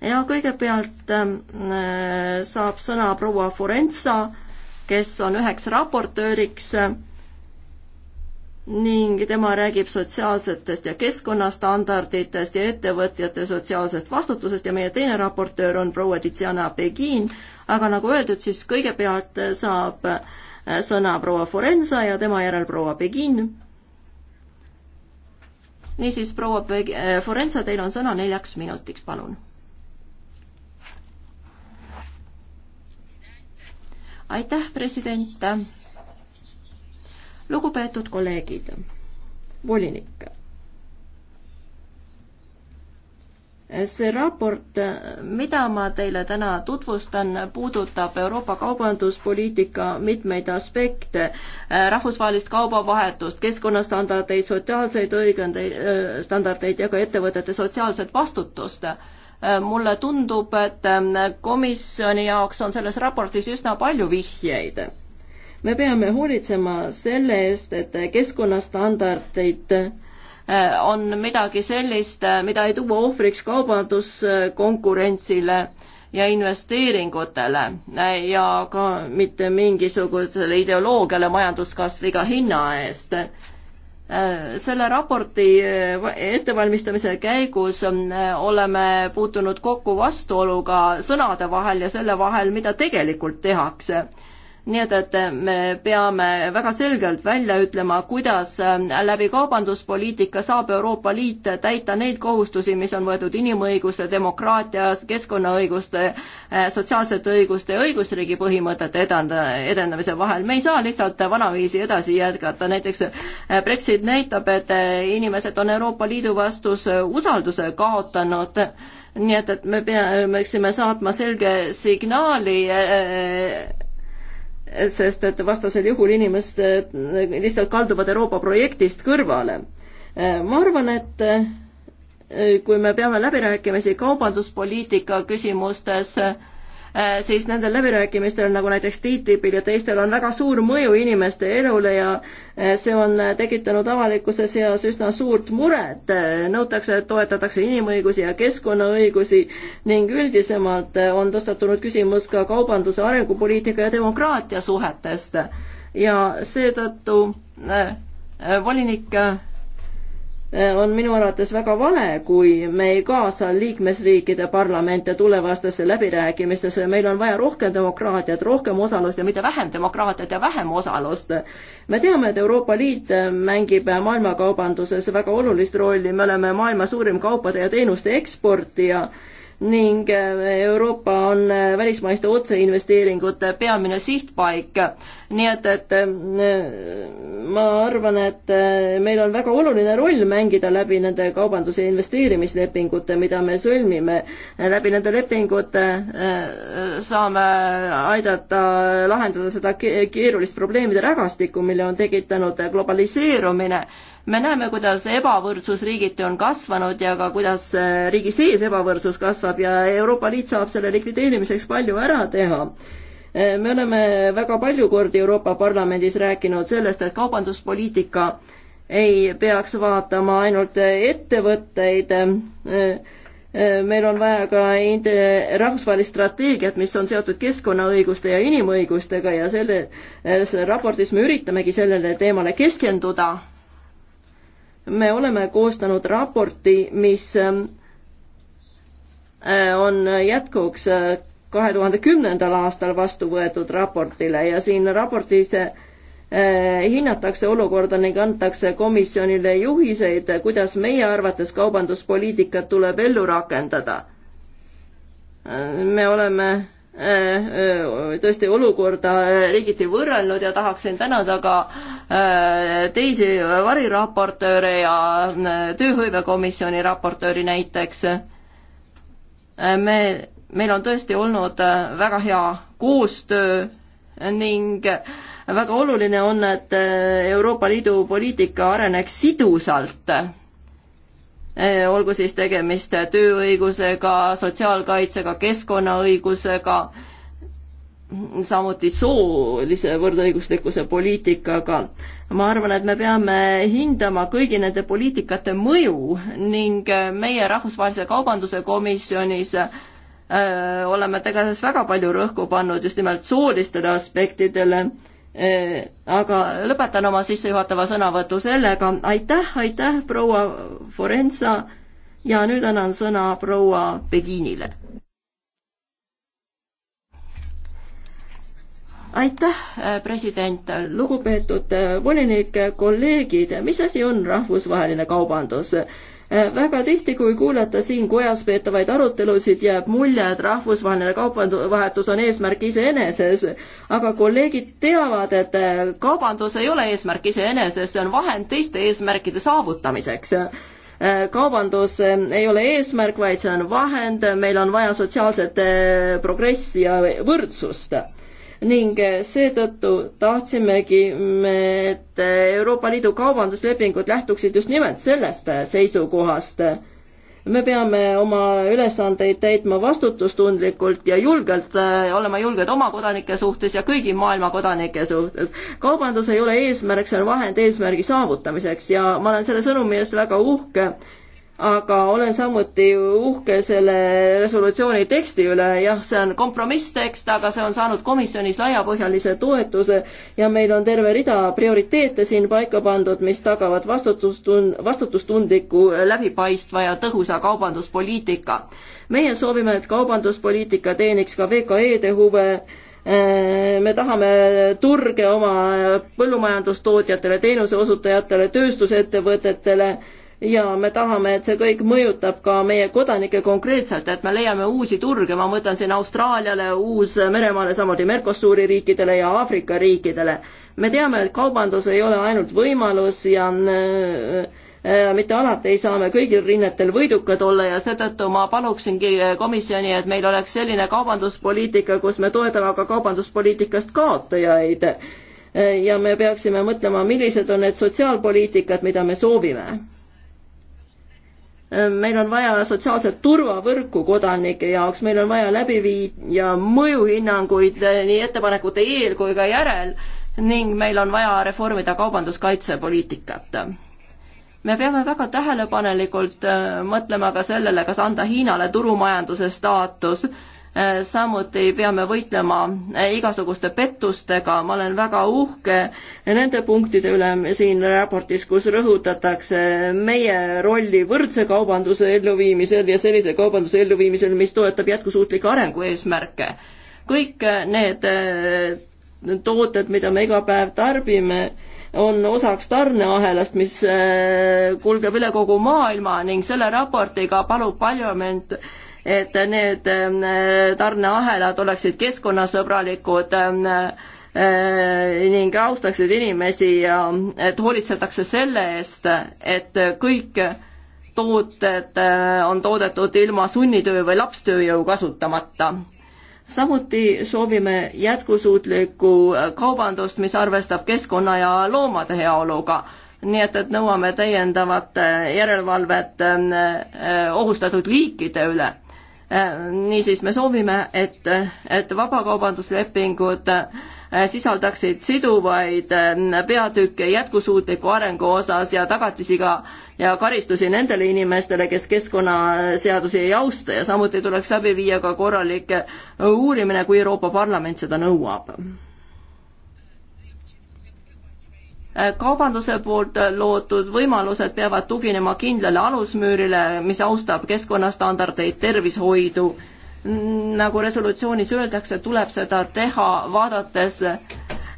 ja kõigepealt ähm, äh, saab sõna proua Forenza, kes on üheks raportööriks äh, ning tema räägib sotsiaalsetest ja keskkonnastandarditest ja ettevõtjate sotsiaalsest vastutusest ja meie teine raportöör on proua Tiziana Begin, aga nagu öeldud, siis kõigepealt saab äh, sõna proua Forenza ja tema järel proua Begin. niisiis, proua Forenza, teil on sõna neljaks minutiks, palun aitäh, president. lugupeetud kolleegid, volinik. see raport, mida ma teile täna tutvustan, puudutab Euroopa kaubanduspoliitika mitmeid aspekte, rahvusvahelist kaubavahetust, keskkonnastandardeid, sotsiaalseid õigendeid, äh, standardeid ja ka ettevõtete sotsiaalset vastutust Äh, mulle tundub, et ähm, komisjoni jaoks on selles raportis üsna palju vihjeid. me peame hoolitsema selle eest, et keskkonnastandardid äh, on midagi sellist, äh, mida ei tuua ohvriks kaubanduskonkurentsile ja investeeringutele ja ka mitte mingisugusele ideoloogiale majanduskasviga hinna eest selle raporti eh, ettevalmistamise käigus eh, oleme puutunud kokku vastuoluga sõnade vahel ja selle vahel, mida tegelikult tehakse nii et, et me peame väga selgelt välja ütlema, kuidas äh, läbi kaubanduspoliitika saab Euroopa Liit täita neid kohustusi, mis on võetud inimõiguste, demokraatia, keskkonnaõiguste, äh, sotsiaalsete õiguste ja õigusriigi põhimõtete edenda-, edendamise vahel. me ei saa lihtsalt vanaviisi edasi jätkata, näiteks äh, Brexit näitab, et inimesed on Euroopa Liidu vastus usalduse kaotanud nii et, et me peaksime saatma selge signaali sest et vastasel juhul inimesed eh, lihtsalt kalduvad Euroopa projektist kõrvale. Eh, ma arvan, et eh, kui me peame läbirääkimisi kaubanduspoliitika küsimustes, Äh, siis nendel läbirääkimistel, nagu näiteks TTIP-il ja teistel, on väga suur mõju inimeste elule ja äh, see on äh, tekitanud avalikkuse seas üsna suurt muret. nõutakse, et toetatakse inimõigusi ja keskkonnaõigusi ning üldisemalt on tõstatunud küsimus ka kaubanduse arengupoliitika ja demokraatia suhetest ja seetõttu äh, volinik äh, Äh, on minu arvates väga vale, kui me ei kaasa liikmesriikide parlamente tulevastesse läbirääkimistesse, meil on vaja rohkem demokraatiat, rohkem osalust ja mitte vähem demokraatiat ja vähem osalust. me teame, et Euroopa Liit äh, mängib maailmakaubanduses väga olulist rolli, me oleme maailma suurim kaupade ja teenuste eksportija ja ning äh, Euroopa on äh, välismaiste otseinvesteeringute peamine sihtpaik. nii et, et äh, ma arvan, et meil on väga oluline roll mängida läbi nende kaubandus- ja investeerimislepingute, mida me sõlmime. läbi nende lepingute saame aidata lahendada seda keerulist probleemide rägastikku, mille on tekitanud globaliseerumine me näeme, kuidas ebavõrdsus riigiti on kasvanud ja ka kuidas äh, riigi sees ebavõrdsus kasvab ja Euroopa Liit saab selle likvideerimiseks palju ära teha äh, me oleme väga palju kordi Euroopa Parlamendis rääkinud sellest, et kaubanduspoliitika ei peaks vaatama ainult ettevõtteid, äh, meil on vaja ka rahvusvahelist strateegiat, mis on seotud keskkonnaõiguste ja inimõigustega ja selles raportis me üritamegi sellele teemale keskenduda me oleme koostanud raporti, mis ähm, äh, on jätkuks äh, kahe tuhande kümnendal aastal vastu võetud raportile ja siin raportis äh, hinnatakse olukorda ning antakse komisjonile juhiseid, kuidas meie arvates kaubanduspoliitikat tuleb ellu rakendada. me oleme Äh, äh, tõesti olukorda äh, riigiti võrrelnud ja tahaksin tänada ka teisi variraportööre ja tööhõivekomisjoni raportööri näiteks. me, meil on tõesti olnud väga hea koostöö ning väga oluline on, et Euroopa Liidu poliitika areneks sidusalt Eh, olgu siis tegemist tööõigusega, sotsiaalkaitsega, keskkonnaõigusega, samuti soolise võrdõiguslikkuse poliitikaga. ma arvan, et me peame hindama kõigi nende poliitikate mõju ning eh, meie Rahvusvahelise Kaubanduse Komisjonis eh, oleme tegelikult väga palju rõhku pannud just nimelt soolistele aspektidele Äh, aga lõpetan oma sissejuhatava sõnavõtu sellega, aitäh, aitäh, proua Forenza ja nüüd annan sõna proua Beginile. aitäh, äh, president, lugupeetud äh, volinik, kolleegid, mis asi on rahvusvaheline kaubandus? Äh, väga tihti, kui kuulata siin kojas peetavaid arutelusid, jääb mulje, et rahvusvaheline kaubavahetus on eesmärk iseeneses, aga kolleegid teavad, et äh, kaubandus ei ole eesmärk iseeneses, see on vahend teiste eesmärkide saavutamiseks äh, kaubandus ei ole eesmärk, vaid see on vahend, meil on vaja sotsiaalset progressi ja võrdsust ning seetõttu tahtsimegi me, et Euroopa Liidu kaubanduslepingud lähtuksid just nimelt sellest seisukohast. me peame oma ülesandeid täitma vastutustundlikult ja julgelt, olema julged oma kodanike suhtes ja kõigi maailma kodanike suhtes. kaubandus ei ole eesmärk, see on vahend eesmärgi saavutamiseks ja ma olen selle sõnumi eest väga uhke aga olen samuti uhke selle resolutsiooni teksti üle, jah, see on kompromisstekst, aga see on saanud komisjonis laiapõhjalise toetuse ja meil on terve rida prioriteete siin paika pandud, mis tagavad vastutustund-, vastutustundliku, läbipaistva ja tõhusa kaubanduspoliitika. meie soovime, et kaubanduspoliitika teeniks ka VKE-de huve, äh, me tahame turge oma põllumajandustootjatele, teenuseosutajatele, tööstusettevõtetele ja me tahame, et see kõik mõjutab ka meie kodanikke konkreetselt, et me leiame uusi turge, ma mõtlen siin Austraaliale, Uus-Meremaale, samuti Mercosuri riikidele ja Aafrika riikidele. me teame, et kaubandus ei ole ainult võimalus ja äh, äh, mitte alati ei saa me kõigil rinnetel võidukad olla ja seetõttu ma paluksingi komisjoni, et meil oleks selline kaubanduspoliitika, kus me toetame ka kaubanduspoliitikast kaotajaid. Äh, ja me peaksime mõtlema, millised on need sotsiaalpoliitikad, mida me soovime meil on vaja sotsiaalset turvavõrku kodanike jaoks, meil on vaja läbi viia mõjuhinnanguid eh, nii ettepanekute eel kui ka järel ning meil on vaja reformida kaubanduskaitsepoliitikat. me peame väga tähelepanelikult eh, mõtlema ka sellele, kas anda Hiinale turumajanduse staatus samuti peame võitlema igasuguste pettustega, ma olen väga uhke nende punktide üle siin raportis, kus rõhutatakse meie rolli võrdse kaubanduse elluviimisel ja sellise kaubanduse elluviimisel, mis toetab jätkusuutlikke arengueesmärke. kõik need äh, tooted, mida me iga päev tarbime, on osaks tarneahelast, mis äh, kulgeb üle kogu maailma ning selle raportiga palub parlament et need ähm, tarneahelad oleksid keskkonnasõbralikud ähm, äh, ning austaksid inimesi ja et hoolitsetakse selle eest, et kõik tooted äh, on toodetud ilma sunnitöö või lapstööjõu kasutamata samuti soovime jätkusuutlikku kaubandust, mis arvestab keskkonna ja loomade heaoluga. nii et, et nõuame täiendavat äh, järelevalvet ähm, ohustatud liikide üle niisiis me soovime, et, et vabakaubanduslepingud äh, sisaldaksid siduvaid äh, peatükke jätkusuutliku arengu osas ja tagatisi ka ja karistusi nendele inimestele, kes keskkonnaseadusi ei austa ja samuti tuleks läbi viia ka korralik äh, uurimine, kui Euroopa Parlament seda nõuab kaubanduse poolt loodud võimalused peavad tuginema kindlale alusmüürile, mis austab keskkonnastandardeid, tervishoidu. nagu resolutsioonis öeldakse, tuleb seda teha, vaadates eh,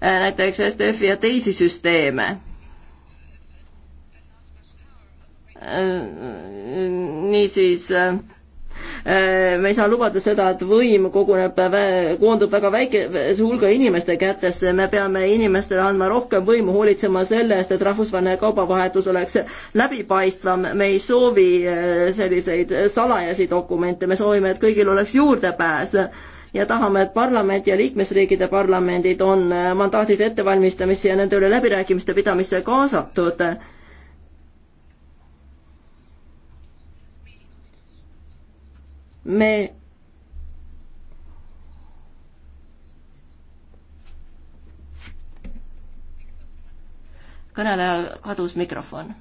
näiteks STF-i ja teisi süsteeme. Eh, niisiis eh, Äh, me ei saa lubada seda, et võim koguneb, koondub väga väikese hulga inimeste kätesse, me peame inimestele andma rohkem võimu, hoolitsema selle eest, et rahvusvaheline kaubavahetus oleks läbipaistvam, me ei soovi äh, selliseid salajasi dokumente, me soovime, et kõigil oleks juurdepääs ja tahame, et parlament ja liikmesriikide parlamendid on äh, mandaatide ettevalmistamisse ja nende üle läbirääkimiste pidamisse kaasatud me kõnelejal kadus mikrofon.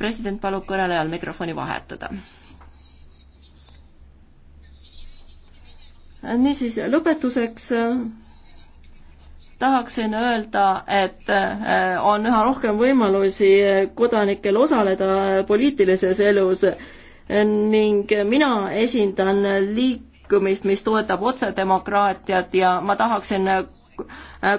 president palub kõnelejal mikrofoni vahetada. niisiis, lõpetuseks tahaksin öelda, et äh, on üha rohkem võimalusi äh, kodanikel osaleda äh, poliitilises elus ning mina esindan liikumist, mis toetab otsedemokraatiat ja ma tahaksin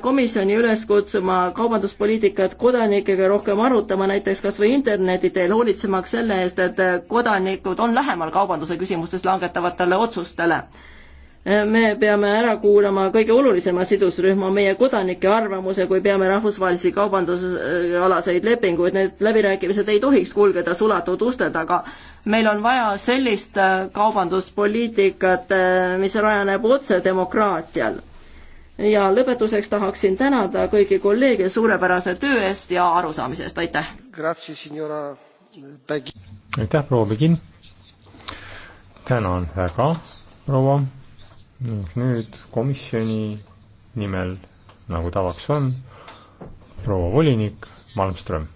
komisjoni üles kutsuma kaubanduspoliitikat kodanikega rohkem arutama, näiteks kas või interneti teel, hoolitsemaks selle eest, et kodanikud on lähemal kaubanduse küsimustes langetavatele otsustele me peame ära kuulama kõige olulisema sidusrühma, meie kodanike arvamuse, kui peame rahvusvahelisi kaubandusalaseid lepinguid, need läbirääkimised ei tohiks kulgeda sulatud uste taga. meil on vaja sellist äh, kaubanduspoliitikat, äh, mis rajaneb otsedemokraatial. ja lõpetuseks tahaksin tänada kõiki kolleege suurepärase töö eest ja arusaamise eest, aitäh! aitäh, proua Begin! tänan väga, proua ning nüüd komisjoni nimel, nagu tavaks on, proua volinik Malmström.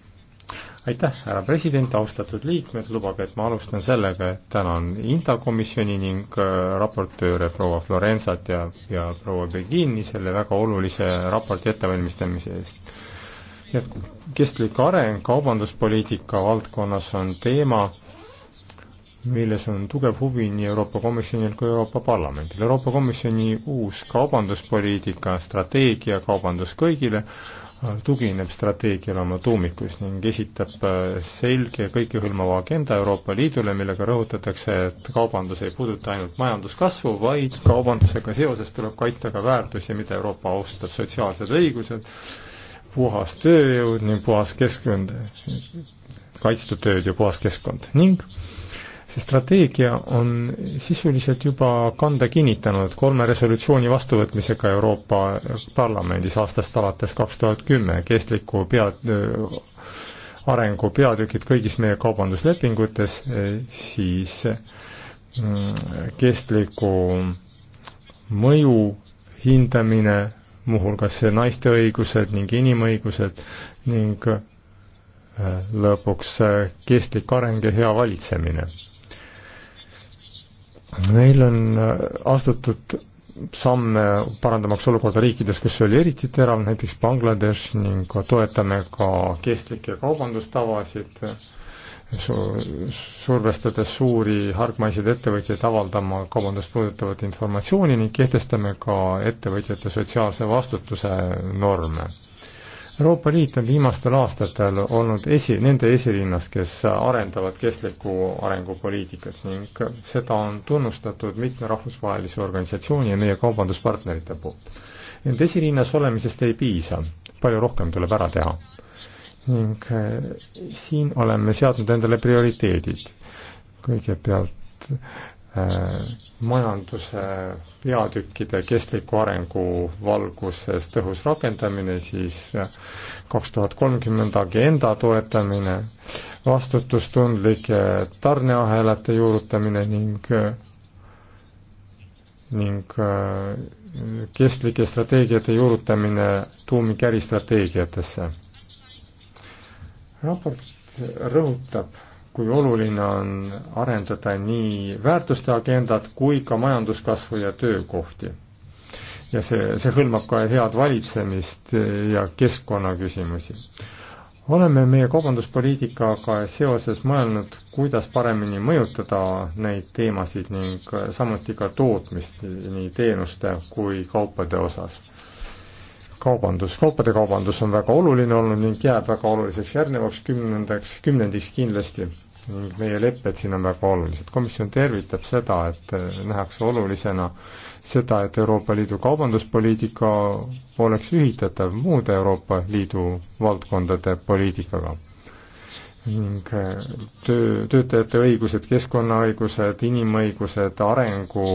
aitäh, härra president, austatud liikmed, lubage, et ma alustan sellega, et tänan Inta komisjoni ning äh, raportööre proua Florensat ja, ja proua Begini selle väga olulise raporti ettevalmistamise eest. nii et kestlik areng kaubanduspoliitika valdkonnas on teema, milles on tugev huvi nii Euroopa Komisjonil kui Euroopa Parlamendil. Euroopa Komisjoni uus kaubanduspoliitika strateegia Kaubandus kõigile äh, tugineb strateegiale oma tuumikus ning esitab äh, selge kõikehõlmava agenda Euroopa Liidule, millega rõhutatakse, et kaubandus ei puuduta ainult majanduskasvu, vaid kaubandusega seoses tuleb kaitsta ka väärtusi, mida Euroopa austab, sotsiaalsed õigused, puhas tööjõud ning puhas keskkond, kaitstud tööd ja puhas keskkond ning see strateegia on sisuliselt juba kanda kinnitanud kolme resolutsiooni vastuvõtmisega Euroopa Parlamendis aastast alates kaks tuhat kümme, kestliku pea, äh, arengu peatükid kõigis meie kaubanduslepingutes, äh, siis mm, kestliku mõju hindamine, muuhulgas naiste õigused ning inimõigused ning äh, lõpuks kestlik areng ja hea valitsemine meil on äh, astutud samme parandamaks olukorda riikides, kus see oli eriti terav, näiteks Bangladesh ning toetame ka kestlikke kaubandustavasid su-, survestades suuri hargmaiseid ettevõtjaid avaldama kaubandust puudutavat informatsiooni ning kehtestame ka ettevõtjate sotsiaalse vastutuse norme. Euroopa Liit on viimastel aastatel olnud esi, nende esirinnas, kes arendavad kestliku arengupoliitikat ning seda on tunnustatud mitme rahvusvahelise organisatsiooni ja meie kaubanduspartnerite poolt. ent esirinnas olemisest ei piisa, palju rohkem tuleb ära teha. ning eh, siin oleme seadnud endale prioriteedid. kõigepealt majanduse peatükkide kestliku arengu valguses tõhus rakendamine, siis kaks tuhat kolmkümmend agenda toetamine, vastutustundlike tarneahelate juurutamine ning ning kestlike strateegiate juurutamine tuumik äristrateegiatesse. raport rõhutab kui oluline on arendada nii väärtuste agendat kui ka majanduskasvu ja töökohti. ja see, see hõlmab ka head valitsemist ja keskkonnaküsimusi. oleme meie kaubanduspoliitikaga seoses mõelnud, kuidas paremini mõjutada neid teemasid ning samuti ka tootmist nii teenuste kui kaupade osas kaubandus, kaupade kaubandus on väga oluline olnud ning jääb väga oluliseks järgnevaks kümnendaks, kümnendiks kindlasti ning meie lepped siin on väga olulised. komisjon tervitab seda, et äh, nähakse olulisena seda, et Euroopa Liidu kaubanduspoliitika oleks ühitatav muude Euroopa Liidu valdkondade poliitikaga ning äh, töö, töötajate õigused, keskkonnaõigused, inimõigused, arengu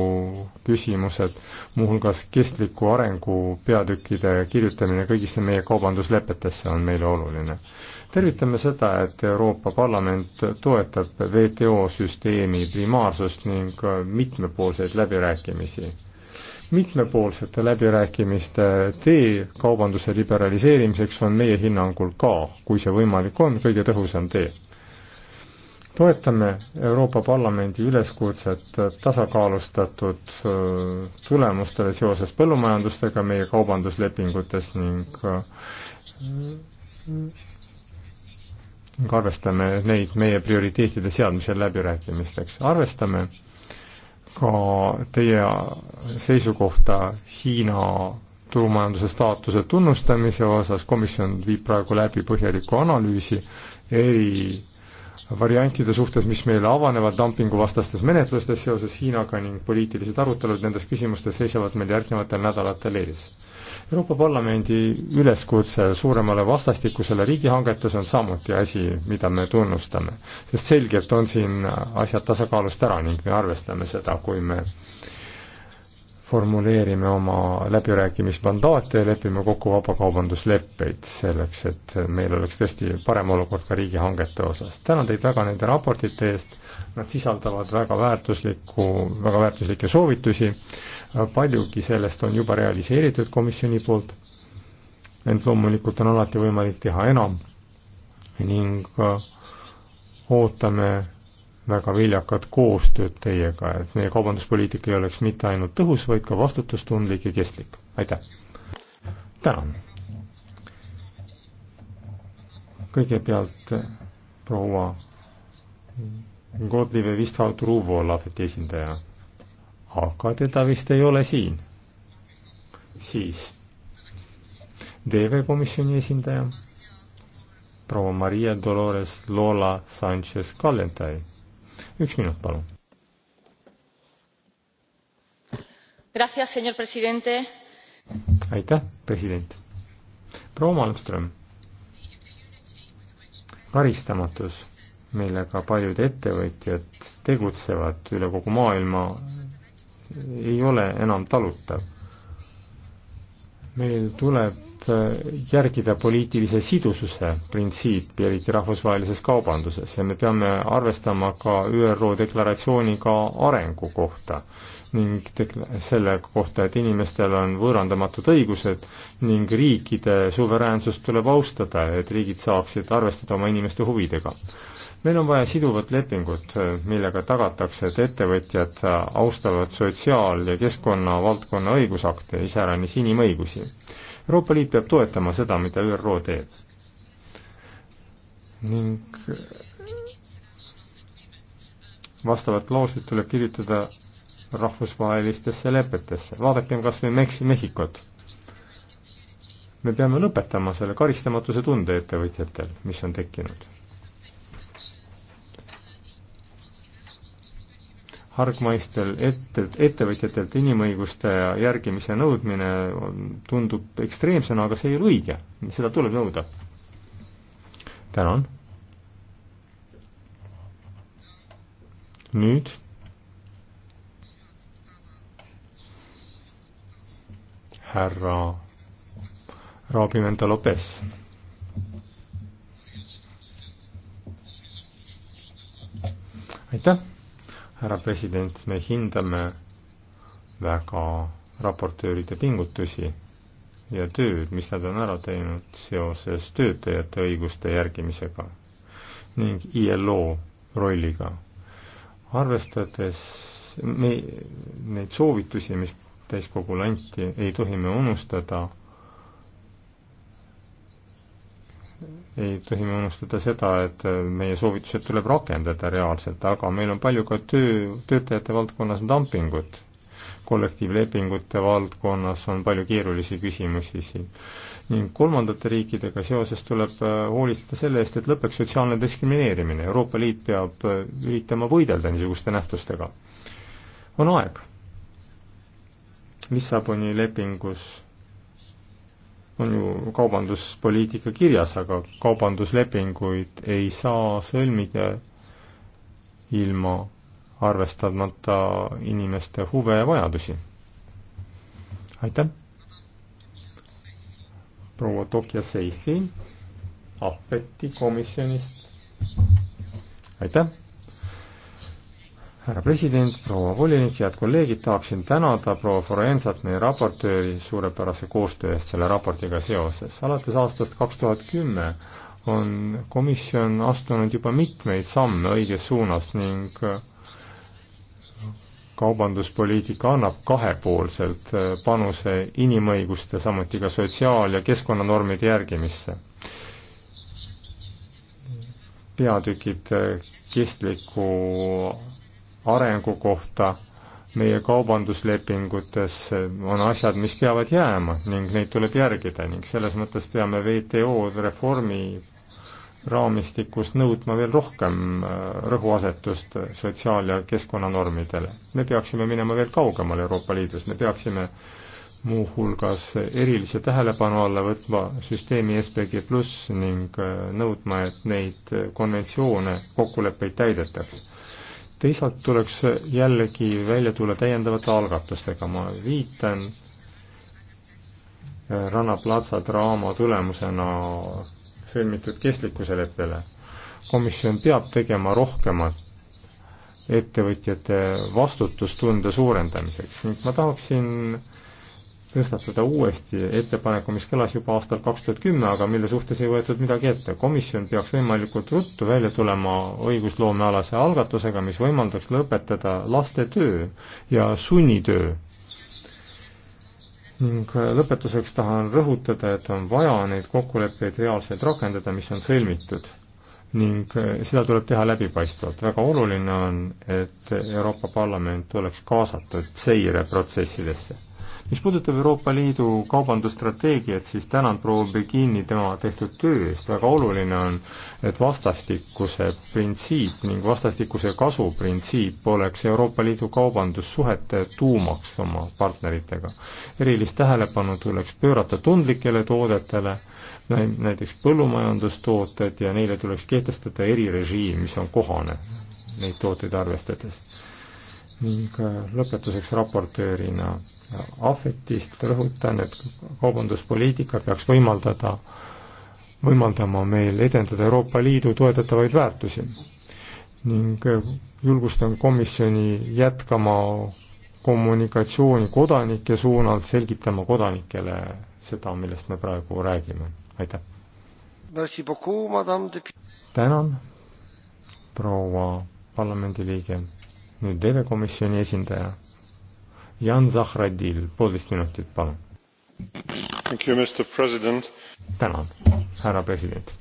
küsimused, muuhulgas kestliku arengu peatükkide kirjutamine kõigisse meie kaubanduslepetesse on meile oluline. tervitame seda, et Euroopa Parlament toetab WTO süsteemi primaarsust ning äh, mitmepoolseid läbirääkimisi mitmepoolsete läbirääkimiste tee kaubanduse liberaliseerimiseks on meie hinnangul ka, kui see võimalik on, kõige tõhusam tee. toetame Euroopa Parlamendi üleskutset tasakaalustatud tulemustele seoses põllumajandustega meie kaubanduslepingutes ning ning arvestame neid meie prioriteetide seadmisel läbirääkimisteks. arvestame ka teie seisukohta Hiina turumajanduse staatuse tunnustamise osas, komisjon viib praegu läbi põhjaliku analüüsi eri variantide suhtes, mis meile avanevad dumpinguvastastes menetlustes seoses Hiinaga ning poliitilised arutelud nendes küsimustes seisavad meil järgnevatel nädalatel ees. Euroopa Parlamendi üleskutse suuremale vastastikusele riigihangetes on samuti asi, mida me tunnustame, sest selgelt on siin asjad tasakaalust ära ning me arvestame seda, kui me äh, formuleerime oma läbirääkimismandaate ja lepime kokku vabakaubandusleppeid selleks, et meil oleks tõesti parem olukord ka riigihangete osas. tänan teid väga nende raportite eest, nad sisaldavad väga väärtuslikku, väga väärtuslikke soovitusi, paljugi sellest on juba realiseeritud komisjoni poolt, ent loomulikult on alati võimalik teha enam ning äh, ootame väga viljakat koostööd teiega, et meie kaubanduspoliitika ei oleks mitte ainult tõhus, vaid ka vastutustundlik ja kestlik. aitäh! tänan! kõigepealt proua Godlive Visthaut Ruvo Lahveti esindaja, aga teda vist ei ole siin. siis DV komisjoni esindaja proua Maria Dolores Lola Sanchez Kallentai üks minut, palun. aitäh, president. proua Malmström, karistamatus, millega paljud ettevõtjad tegutsevad üle kogu maailma, ei ole enam talutav. meil tuleb tuleb äh, järgida poliitilise sidususe printsiipi, eriti rahvusvahelises kaubanduses, ja me peame arvestama ka ÜRO deklaratsiooniga arengu kohta ning selle kohta, et inimestel on võõrandamatud õigused ning riikide suveräänsust tuleb austada, et riigid saaksid arvestada oma inimeste huvidega. meil on vaja siduvat lepingut, millega tagatakse, et ettevõtjad austavad sotsiaal- ja keskkonnavaldkonna õigusakte, iseäranis inimõigusi Euroopa Liit peab toetama seda, mida ÜRO teeb. ning vastavad klauslid tuleb kirjutada rahvusvahelistesse lepetesse. vaadakem kas või Meksi-, Mehhikot. me peame lõpetama selle karistamatuse tunde ettevõtjatel, mis on tekkinud hargmaistel ette, ettevõtjatelt inimõiguste järgimise nõudmine on, tundub ekstreemsena, aga see ei ole õige, seda tuleb nõuda. tänan. nüüd. härra Raabimenta Lopes. aitäh härra president, me hindame väga raportööride pingutusi ja tööd, mis nad on ära teinud seoses töötajate õiguste järgimisega ning ILO rolliga. arvestades me, neid soovitusi, mis täiskogule anti, ei tohi me unustada ei tohi me unustada seda, et äh, meie soovitused tuleb rakendada reaalselt, aga meil on palju ka töö, töötajate valdkonnas dumpingut. kollektiivlepingute valdkonnas on palju keerulisi küsimusi siin. ning kolmandate riikidega seoses tuleb äh, hoolitseda selle eest, et lõpeks sotsiaalne diskrimineerimine. Euroopa Liit peab äh, üritama võidelda niisuguste nähtustega. on aeg. Lissaboni lepingus on ju kaubanduspoliitika kirjas, aga kaubanduslepinguid ei saa sõlmida ilma arvestamata inimeste huve ja vajadusi. aitäh! proua Tokja Seifi Ahveti komisjonist. aitäh! härra president, proua volinik, head kolleegid, tahaksin tänada proua Forensat, meie raportööri, suurepärase koostöö eest selle raportiga seoses. alates aastast kaks tuhat kümme on komisjon astunud juba mitmeid samme õiges suunas ning kaubanduspoliitika annab kahepoolselt panuse inimõiguste, samuti ka sotsiaal- ja keskkonnanormide järgimisse. peatükid kestliku arengu kohta meie kaubanduslepingutes on asjad, mis peavad jääma ning neid tuleb järgida ning selles mõttes peame WTO reformi raamistikus nõudma veel rohkem äh, rõhuasetust sotsiaal- ja keskkonnanormidele. me peaksime minema veel kaugemale Euroopa Liidus, me peaksime muuhulgas erilise tähelepanu alla võtma süsteemi SPG pluss ning äh, nõudma, et neid konventsioone, kokkuleppeid täidetaks teisalt tuleks jällegi välja tulla täiendavate algatustega, ma viitan äh, Rana platsa draama tulemusena sõlmitud kestlikkuse leppele. komisjon peab tegema rohkemat ettevõtjate vastutustunde suurendamiseks ning ma tahaksin tõstatada uuesti ettepaneku, mis kõlas juba aastal kaks tuhat kümme, aga mille suhtes ei võetud midagi ette. komisjon peaks võimalikult ruttu välja tulema õigusloomealase algatusega, mis võimaldaks lõpetada laste töö ja sunnitöö. ning lõpetuseks tahan rõhutada, et on vaja neid kokkuleppeid reaalselt rakendada, mis on sõlmitud ning seda tuleb teha läbipaistvalt. väga oluline on, et Euroopa Parlament oleks kaasatud seireprotsessidesse mis puudutab Euroopa Liidu kaubandusstrateegiat, siis tänan proua Begini tema tehtud töö eest, väga oluline on, et vastastikuse printsiip ning vastastikuse kasu printsiip oleks Euroopa Liidu kaubandussuhete tuumaks oma partneritega. erilist tähelepanu tuleks pöörata tundlikele toodetele, näiteks põllumajandustooted ja neile tuleks kehtestada erirežiim, mis on kohane neid tooteid arvestades ning äh, lõpetuseks raportöörina Ahvetist rõhutan, et kaubanduspoliitika peaks võimaldada, võimaldama meil edendada Euroopa Liidu toetatavaid väärtusi ning äh, julgustan komisjoni jätkama kommunikatsiooni kodanike suunalt, selgitama kodanikele seda, millest me praegu räägime, aitäh! tänan, proua parlamendiliige nüüd telekomisjoni esindaja Jan Zahradil, poolteist minutit, palun. tänan, härra president.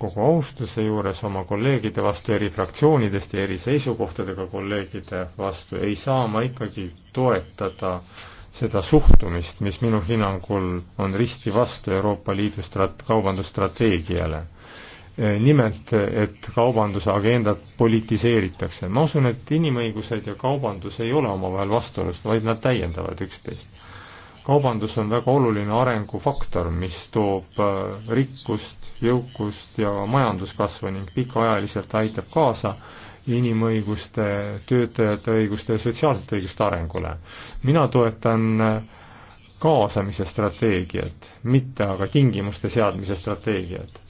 kogu austuse juures oma kolleegide vastu eri fraktsioonidest ja eri seisukohtadega kolleegide vastu ei saa ma ikkagi toetada seda suhtumist, mis minu hinnangul on risti vastu Euroopa Liidu strat-, kaubandusstrateegiale Eh, nimelt, eh, et kaubanduse agendat politiseeritakse. ma usun, et inimõigused ja kaubandus ei ole omavahel vastuolus, vaid nad täiendavad üksteist. kaubandus on väga oluline arengufaktor, mis toob eh, rikkust, jõukust ja majanduskasvu ning pikaajaliselt aitab kaasa inimõiguste, töötajate õiguste ja sotsiaalsete õiguste arengule. mina toetan kaasamise strateegiat, mitte aga tingimuste seadmise strateegiat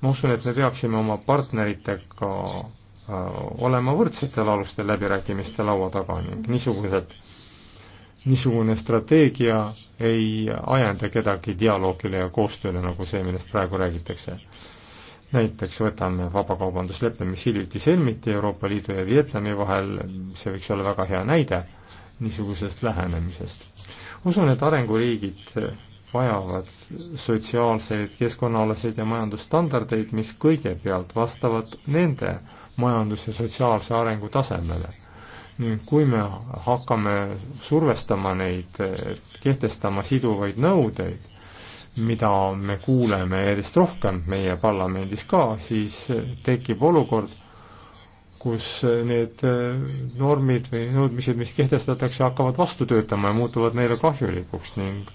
ma usun, et me peaksime oma partneritega äh, olema võrdsetel alustel läbirääkimiste laua taga ning niisugused, niisugune strateegia ei ajenda kedagi dialoogile ja koostööle, nagu see, millest praegu räägitakse. näiteks võtame vabakaubandusleppe, mis hiljuti sõlmiti Euroopa Liidu ja Vietnami vahel, see võiks olla väga hea näide niisugusest lähenemisest. usun, et arenguriigid vajavad sotsiaalseid, keskkonnaalaseid ja majandusstandardeid, mis kõigepealt vastavad nende majandus- ja sotsiaalse arengu tasemele. ning kui me hakkame survestama neid, kehtestama siduvaid nõudeid, mida me kuuleme järjest rohkem meie parlamendis ka, siis tekib olukord, kus need äh, normid või nõudmised, mis kehtestatakse, hakkavad vastu töötama ja muutuvad neile kahjulikuks ning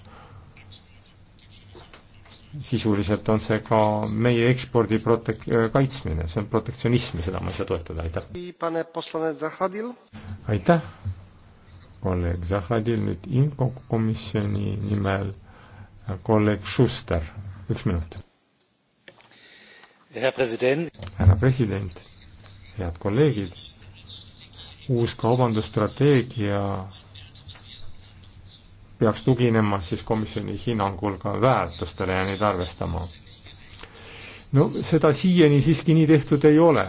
sisuliselt on see ka meie ekspordi protek-, kaitsmine, see on protektsionism ja seda ma ei saa toetada, aitäh. aitäh, kolleeg Zahradil, nüüd infokomisjoni nimel äh, kolleeg Schuster, üks minut. härra president, head kolleegid, uus kaubandusstrateegia peaks tuginema siis komisjoni hinnangul ka väärtustele ja neid arvestama. no seda siiani siiski nii tehtud ei ole.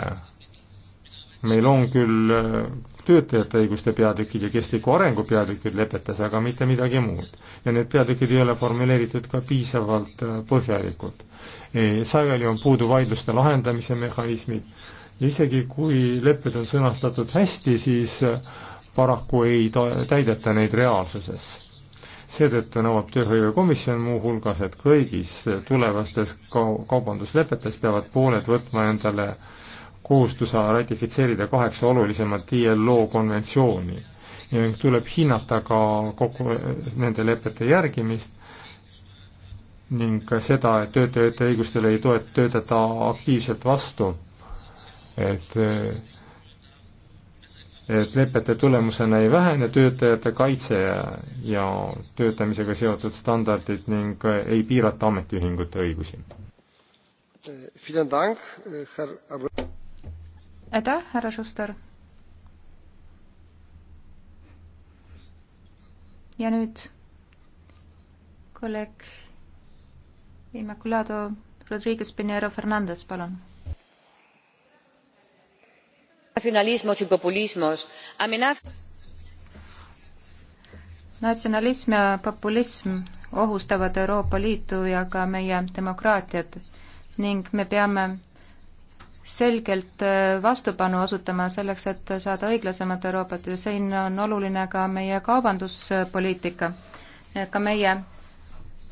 meil on küll äh, töötajate õiguste peatükid ja kestliku arengu peatükid lepetes, aga mitte midagi muud. ja need peatükid ei ole formuleeritud ka piisavalt äh, põhjalikult. E, sageli on puudu vaidluste lahendamise mehhanismid ja isegi kui lepped on sõnastatud hästi, siis äh, paraku ei täideta neid reaalsuses seetõttu nõuab Tööhõivekomisjon muuhulgas, et kõigis tulevastes kaubanduslepetes peavad pooled võtma endale kohustuse ratifitseerida kaheksa olulisemat ILO konventsiooni ning tuleb hinnata ka kogu nende lepete järgimist ning ka seda, et töötajate õigustele ei toet-, töötada aktiivselt vastu, et et lepete tulemusena ei vähene töötajate kaitse ja, ja töötamisega seotud standardid ning ei piirata ametiühingute õigusi. aitäh, härra Schuster. ja nüüd kolleeg Immaculado Rodriguez Pinheiro Fernandez, palun nacionalismos y populismos amenazan. natsionalism ja populism ohustavad Euroopa Liitu ja ka meie demokraatiat ning me peame selgelt äh, vastupanu osutama selleks, et saada õiglasemat Euroopat ja siin on oluline ka meie kaubanduspoliitika. ka meie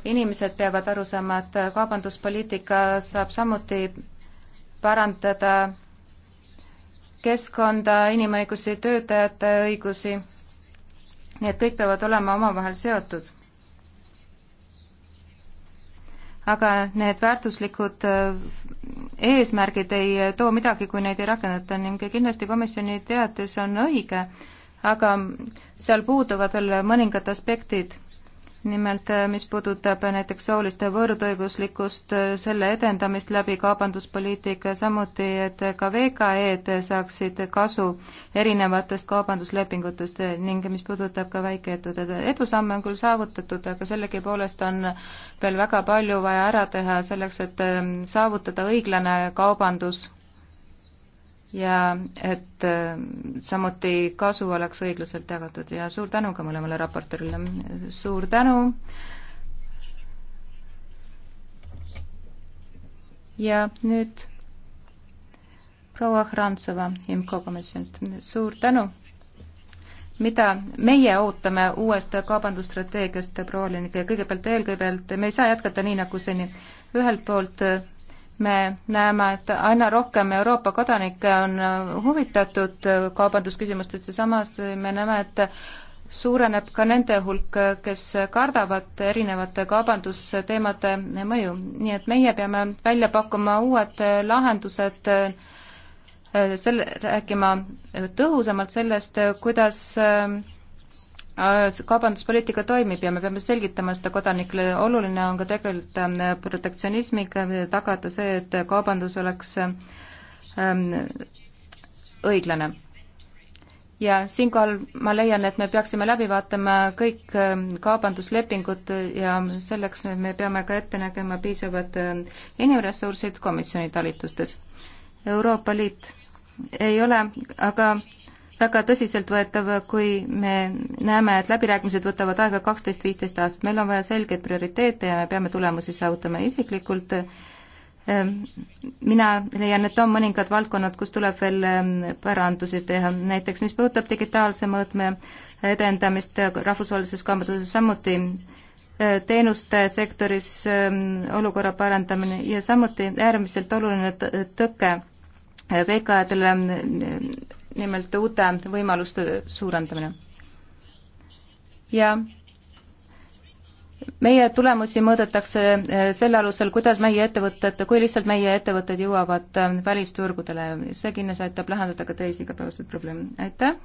inimesed peavad aru saama, et kaubanduspoliitika saab samuti parandada keskkonda, inimõigusi, töötajate õigusi. nii et kõik peavad olema omavahel seotud. aga need väärtuslikud äh, eesmärgid ei äh, too midagi, kui neid ei rakendata ning kindlasti komisjoni teates on õige, aga seal puuduvad veel mõningad aspektid nimelt äh, mis puudutab äh, näiteks sooliste võrdõiguslikkust, äh, selle edendamist läbi kaubanduspoliitika, samuti et ka VKE-d saaksid kasu erinevatest kaubanduslepingutest ning mis puudutab ka väikeettevõtted. edusamme on küll saavutatud, aga sellegipoolest on veel väga palju vaja ära teha selleks, et saavutada õiglane kaubandus ja et äh, samuti kasu oleks õiglaselt jagatud ja suur tänu ka mõlemale raportöörile. suur tänu. ja nüüd proua Hrantsova IMCO komisjonist, suur tänu. mida meie ootame uuest kaubandusstrateegiast proua Lenike, kõigepealt eelkõigepealt me ei saa jätkata nii nagu seni. ühelt poolt me näeme, et aina rohkem Euroopa kodanikke on huvitatud kaubandusküsimustest ja samas me näeme, et suureneb ka nende hulk, kes kardavad erinevate kaubandusteemade mõju. nii et meie peame välja pakkuma uued lahendused, selle, rääkima tõhusamalt sellest, kuidas äh, Äh, kaubanduspoliitika toimib ja me peame selgitama seda kodanikele, oluline on ka tegeleda ähm, protektsionismiga, tagada see, et kaubandus oleks ähm, õiglane. ja siinkohal ma leian, et me peaksime läbi vaatama kõik ähm, kaubanduslepingud ja selleks me peame ka ette nägema piisavad ähm, inimressursid komisjoni talitustes. Euroopa Liit ei ole aga väga tõsiseltvõetav, kui me näeme, et läbirääkimised võtavad aega kaksteist, viisteist aastat, meil on vaja selgeid prioriteete ja me peame tulemusi saavutama isiklikult. Ähm, mina leian, et on mõningad valdkonnad, kus tuleb veel ähm, parandusi teha, näiteks mis puudutab digitaalse mõõtme edendamist rahvusvahelises kaubanduses, samuti äh, teenuste sektoris ähm, olukorra parandamine ja samuti äärmiselt oluline tõke äh, VKA-dele nimelt uute võimaluste suurendamine. ja meie tulemusi mõõdetakse eh, selle alusel, kuidas meie ettevõtted, kui lihtsalt meie ettevõtted jõuavad eh, välisturgudele, see kindlasti aitab lahendada ka teisi igapäevaseid probleeme, aitäh!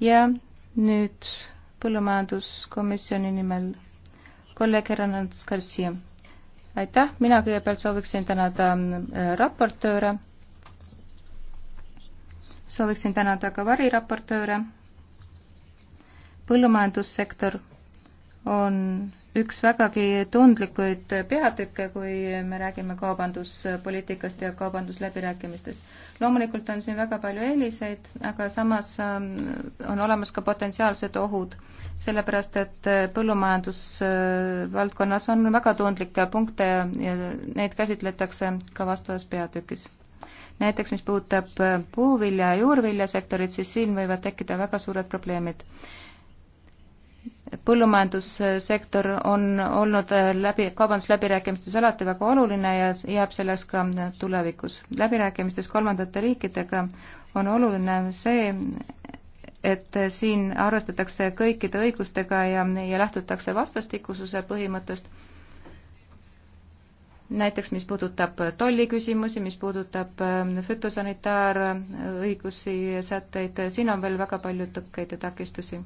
ja nüüd põllumajanduskomisjoni nimel kolleeg Hernandez Garcia. aitäh, mina kõigepealt sooviksin tänada eh, raportööre sooviksin tänada ka variraportööre. põllumajandussektor on üks vägagi tundlikuid peatükke, kui me räägime kaubanduspoliitikast ja kaubandusläbirääkimistest. loomulikult on siin väga palju eeliseid, aga samas ähm, on olemas ka potentsiaalsed ohud, sellepärast et äh, põllumajandusvaldkonnas on väga tundlikke punkte ja neid käsitletakse ka vastavas peatükis näiteks mis puudutab äh, puuvilja ja juurviljasektorit, siis siin võivad tekkida väga suured probleemid. põllumajandussektor on olnud äh, läbi, kaubandusläbirääkimistes alati väga oluline ja jääb selleks ka äh, tulevikus. läbirääkimistes kolmandate riikidega on oluline see, et siin arvestatakse kõikide õigustega ja, ja lähtutakse vastastikususe põhimõttest näiteks mis puudutab tolliküsimusi, mis puudutab ähm, fütosanitaarõigusi ja sätteid, siin on veel väga palju tõkkeid ja takistusi.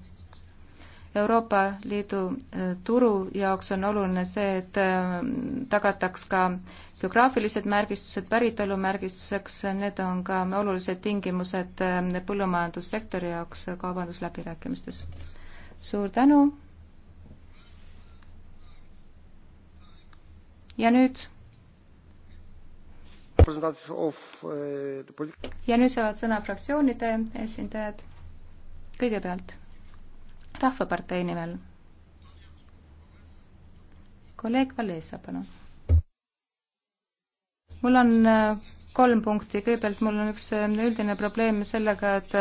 Euroopa Liidu äh, turu jaoks on oluline see, et ähm, tagataks ka geograafilised märgistused, päritolumärgistuseks, need on ka olulised tingimused ähm, põllumajandussektori jaoks kaubandusläbirääkimistes. suur tänu! ja nüüd ja nüüd saavad sõna fraktsioonide esindajad. kõigepealt Rahvapartei nimel. kolleeg Valesa, palun. mul on äh, kolm punkti, kõigepealt mul on üks äh, üldine probleem sellega, et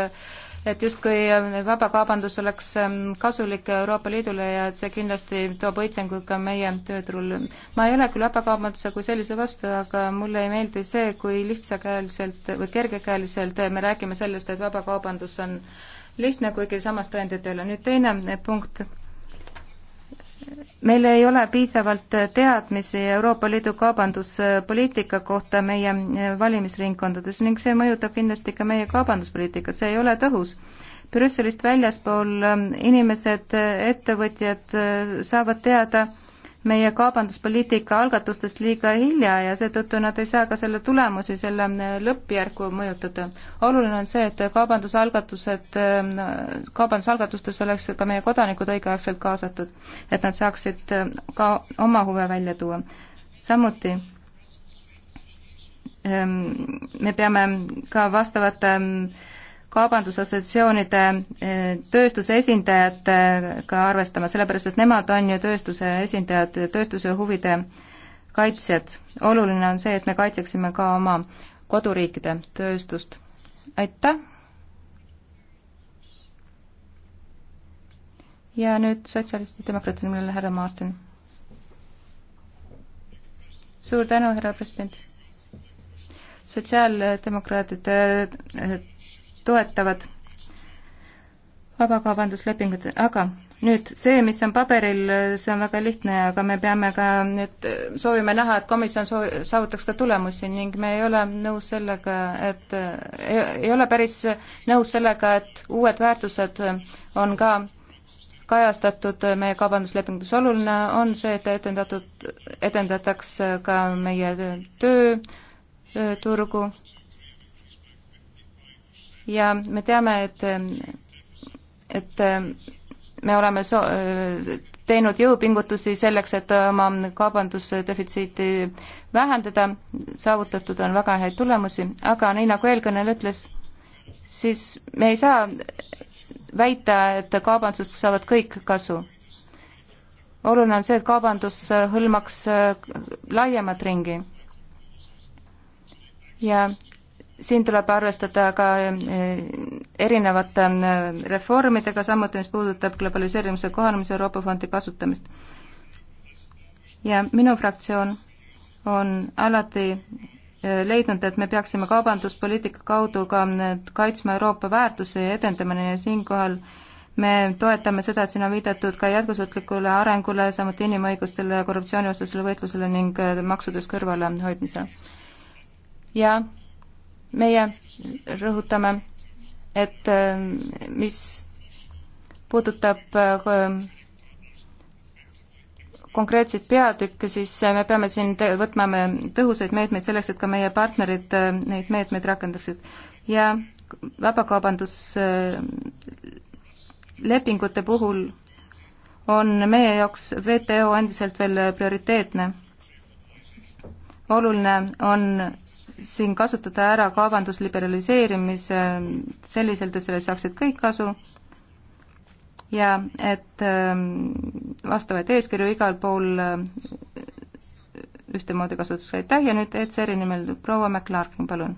et justkui vabakaubandus oleks ähm, kasulik Euroopa Liidule ja et see kindlasti toob õitsengu ka meie tööturul. ma ei ole küll vabakaubanduse kui sellise vastu, aga mulle ei meeldi see, kui lihtsakäeliselt või kergekäeliselt me räägime sellest, et vabakaubandus on lihtne, kuigi samas tõendid ei ole. nüüd teine punkt meil ei ole piisavalt teadmisi Euroopa Liidu kaubanduspoliitika kohta meie valimisringkondades ning see mõjutab kindlasti ka meie kaubanduspoliitikat, see ei ole tõhus. Brüsselist väljaspool ähm, inimesed, ettevõtjad äh, saavad teada, meie kaubanduspoliitika algatustest liiga hilja ja seetõttu nad ei saa ka selle tulemusi, selle äh, lõppjärku mõjutada. oluline on see, et kaubandusalgatused, äh, kaubandusalgatustes oleks ka meie kodanikud õigeaegselt kaasatud, et nad saaksid äh, ka oma huve välja tuua. samuti ähm, me peame ka vastavate ähm, kaubandusassotsiatsioonide eh, tööstuse esindajatega arvestama, sellepärast et nemad on ju tööstuse esindajad, tööstuse huvide kaitsjad. oluline on see, et me kaitseksime ka oma koduriikide tööstust. aitäh! ja nüüd sotsialistide demokraatide nimel härra Martin. suur tänu, härra president! sotsiaaldemokraatide toetavad vabakaubanduslepingut, aga nüüd see, mis on paberil, see on väga lihtne, aga me peame ka nüüd, äh, soovime näha, et komisjon soo-, saavutaks ka tulemusi ning me ei ole nõus sellega, et äh, ei, ei ole päris nõus sellega, et uued väärtused on ka kajastatud meie kaubanduslepingutes. oluline on see, et edendatud, edendataks ka meie töö, tööturgu äh, ja me teame, et, et me oleme so-, teinud jõupingutusi selleks, et oma kaubandusdefitsiiti vähendada, saavutatud on väga häid tulemusi, aga nii, nagu eelkõneleja ütles, siis me ei saa väita, et kaubandusest saavad kõik kasu. oluline on see, et kaubandus hõlmaks laiemat ringi. ja siin tuleb arvestada ka eh, erinevate eh, reformidega, samuti mis puudutab globaliseerimise kohanemise Euroopa fondi kasutamist. ja minu fraktsioon on alati eh, leidnud, et me peaksime kaubanduspoliitika kaudu ka kaitsma Euroopa väärtusi ja edendama neid ja siinkohal me toetame seda, et siin on viidatud ka jätkusuutlikule arengule, samuti inimõigustele ja korruptsioonivastasele võitlusele ning maksudest kõrvalehoidmisele. ja meie rõhutame, et ähm, mis puudutab ähm, konkreetseid peatükke, siis äh, me peame siin võtma tõhusaid meetmeid selleks, et ka meie partnerid äh, neid meetmeid rakendaksid. ja vabakaubanduslepingute äh, puhul on meie jaoks WTO endiselt veel prioriteetne. oluline on siin kasutada ära kaubandusliberaliseerimise selliselt, et sellest saaksid kõik kasu ja et ähm, vastavaid eeskirju igal pool äh, ühtemoodi kasutuseks, aitäh ja nüüd ECR-i nimel proua McLarkin, palun.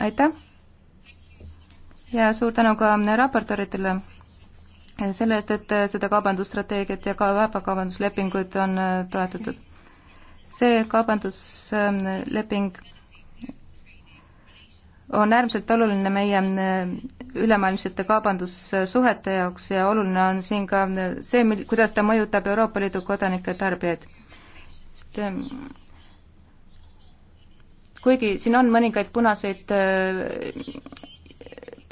aitäh ja suur tänu ka äh, raportööridele äh, selle eest, et seda kaubandusstrateegiat ja ka vabakaubanduslepinguid on toetatud see kaubandusleping on äärmiselt oluline meie äh, ülemaailmsete kaubandussuhete jaoks ja oluline on siin ka äh, see, mil-, kuidas ta mõjutab Euroopa Liidu kodanike tarbijaid. sest äh, kuigi siin on mõningaid punaseid,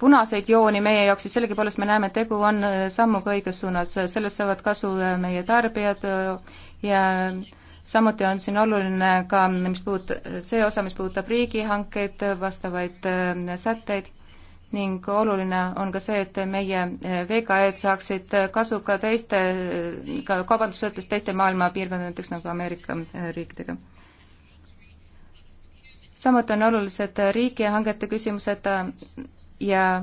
punaseid jooni meie jaoks, siis sellegipoolest me näeme, et tegu on sammuga õiges suunas, sellest saavad kasu meie tarbijad ja äh, samuti on siin oluline ka, mis puudutab, see osa, mis puudutab riigihankeid, vastavaid äh, sätteid ning oluline on ka see, et meie äh, VKE-d saaksid kasu ka teiste, äh, ka kaubandussuhetes teiste maailma piirkondadeks nagu Ameerika riikidega. samuti on olulised riigihangete küsimused ja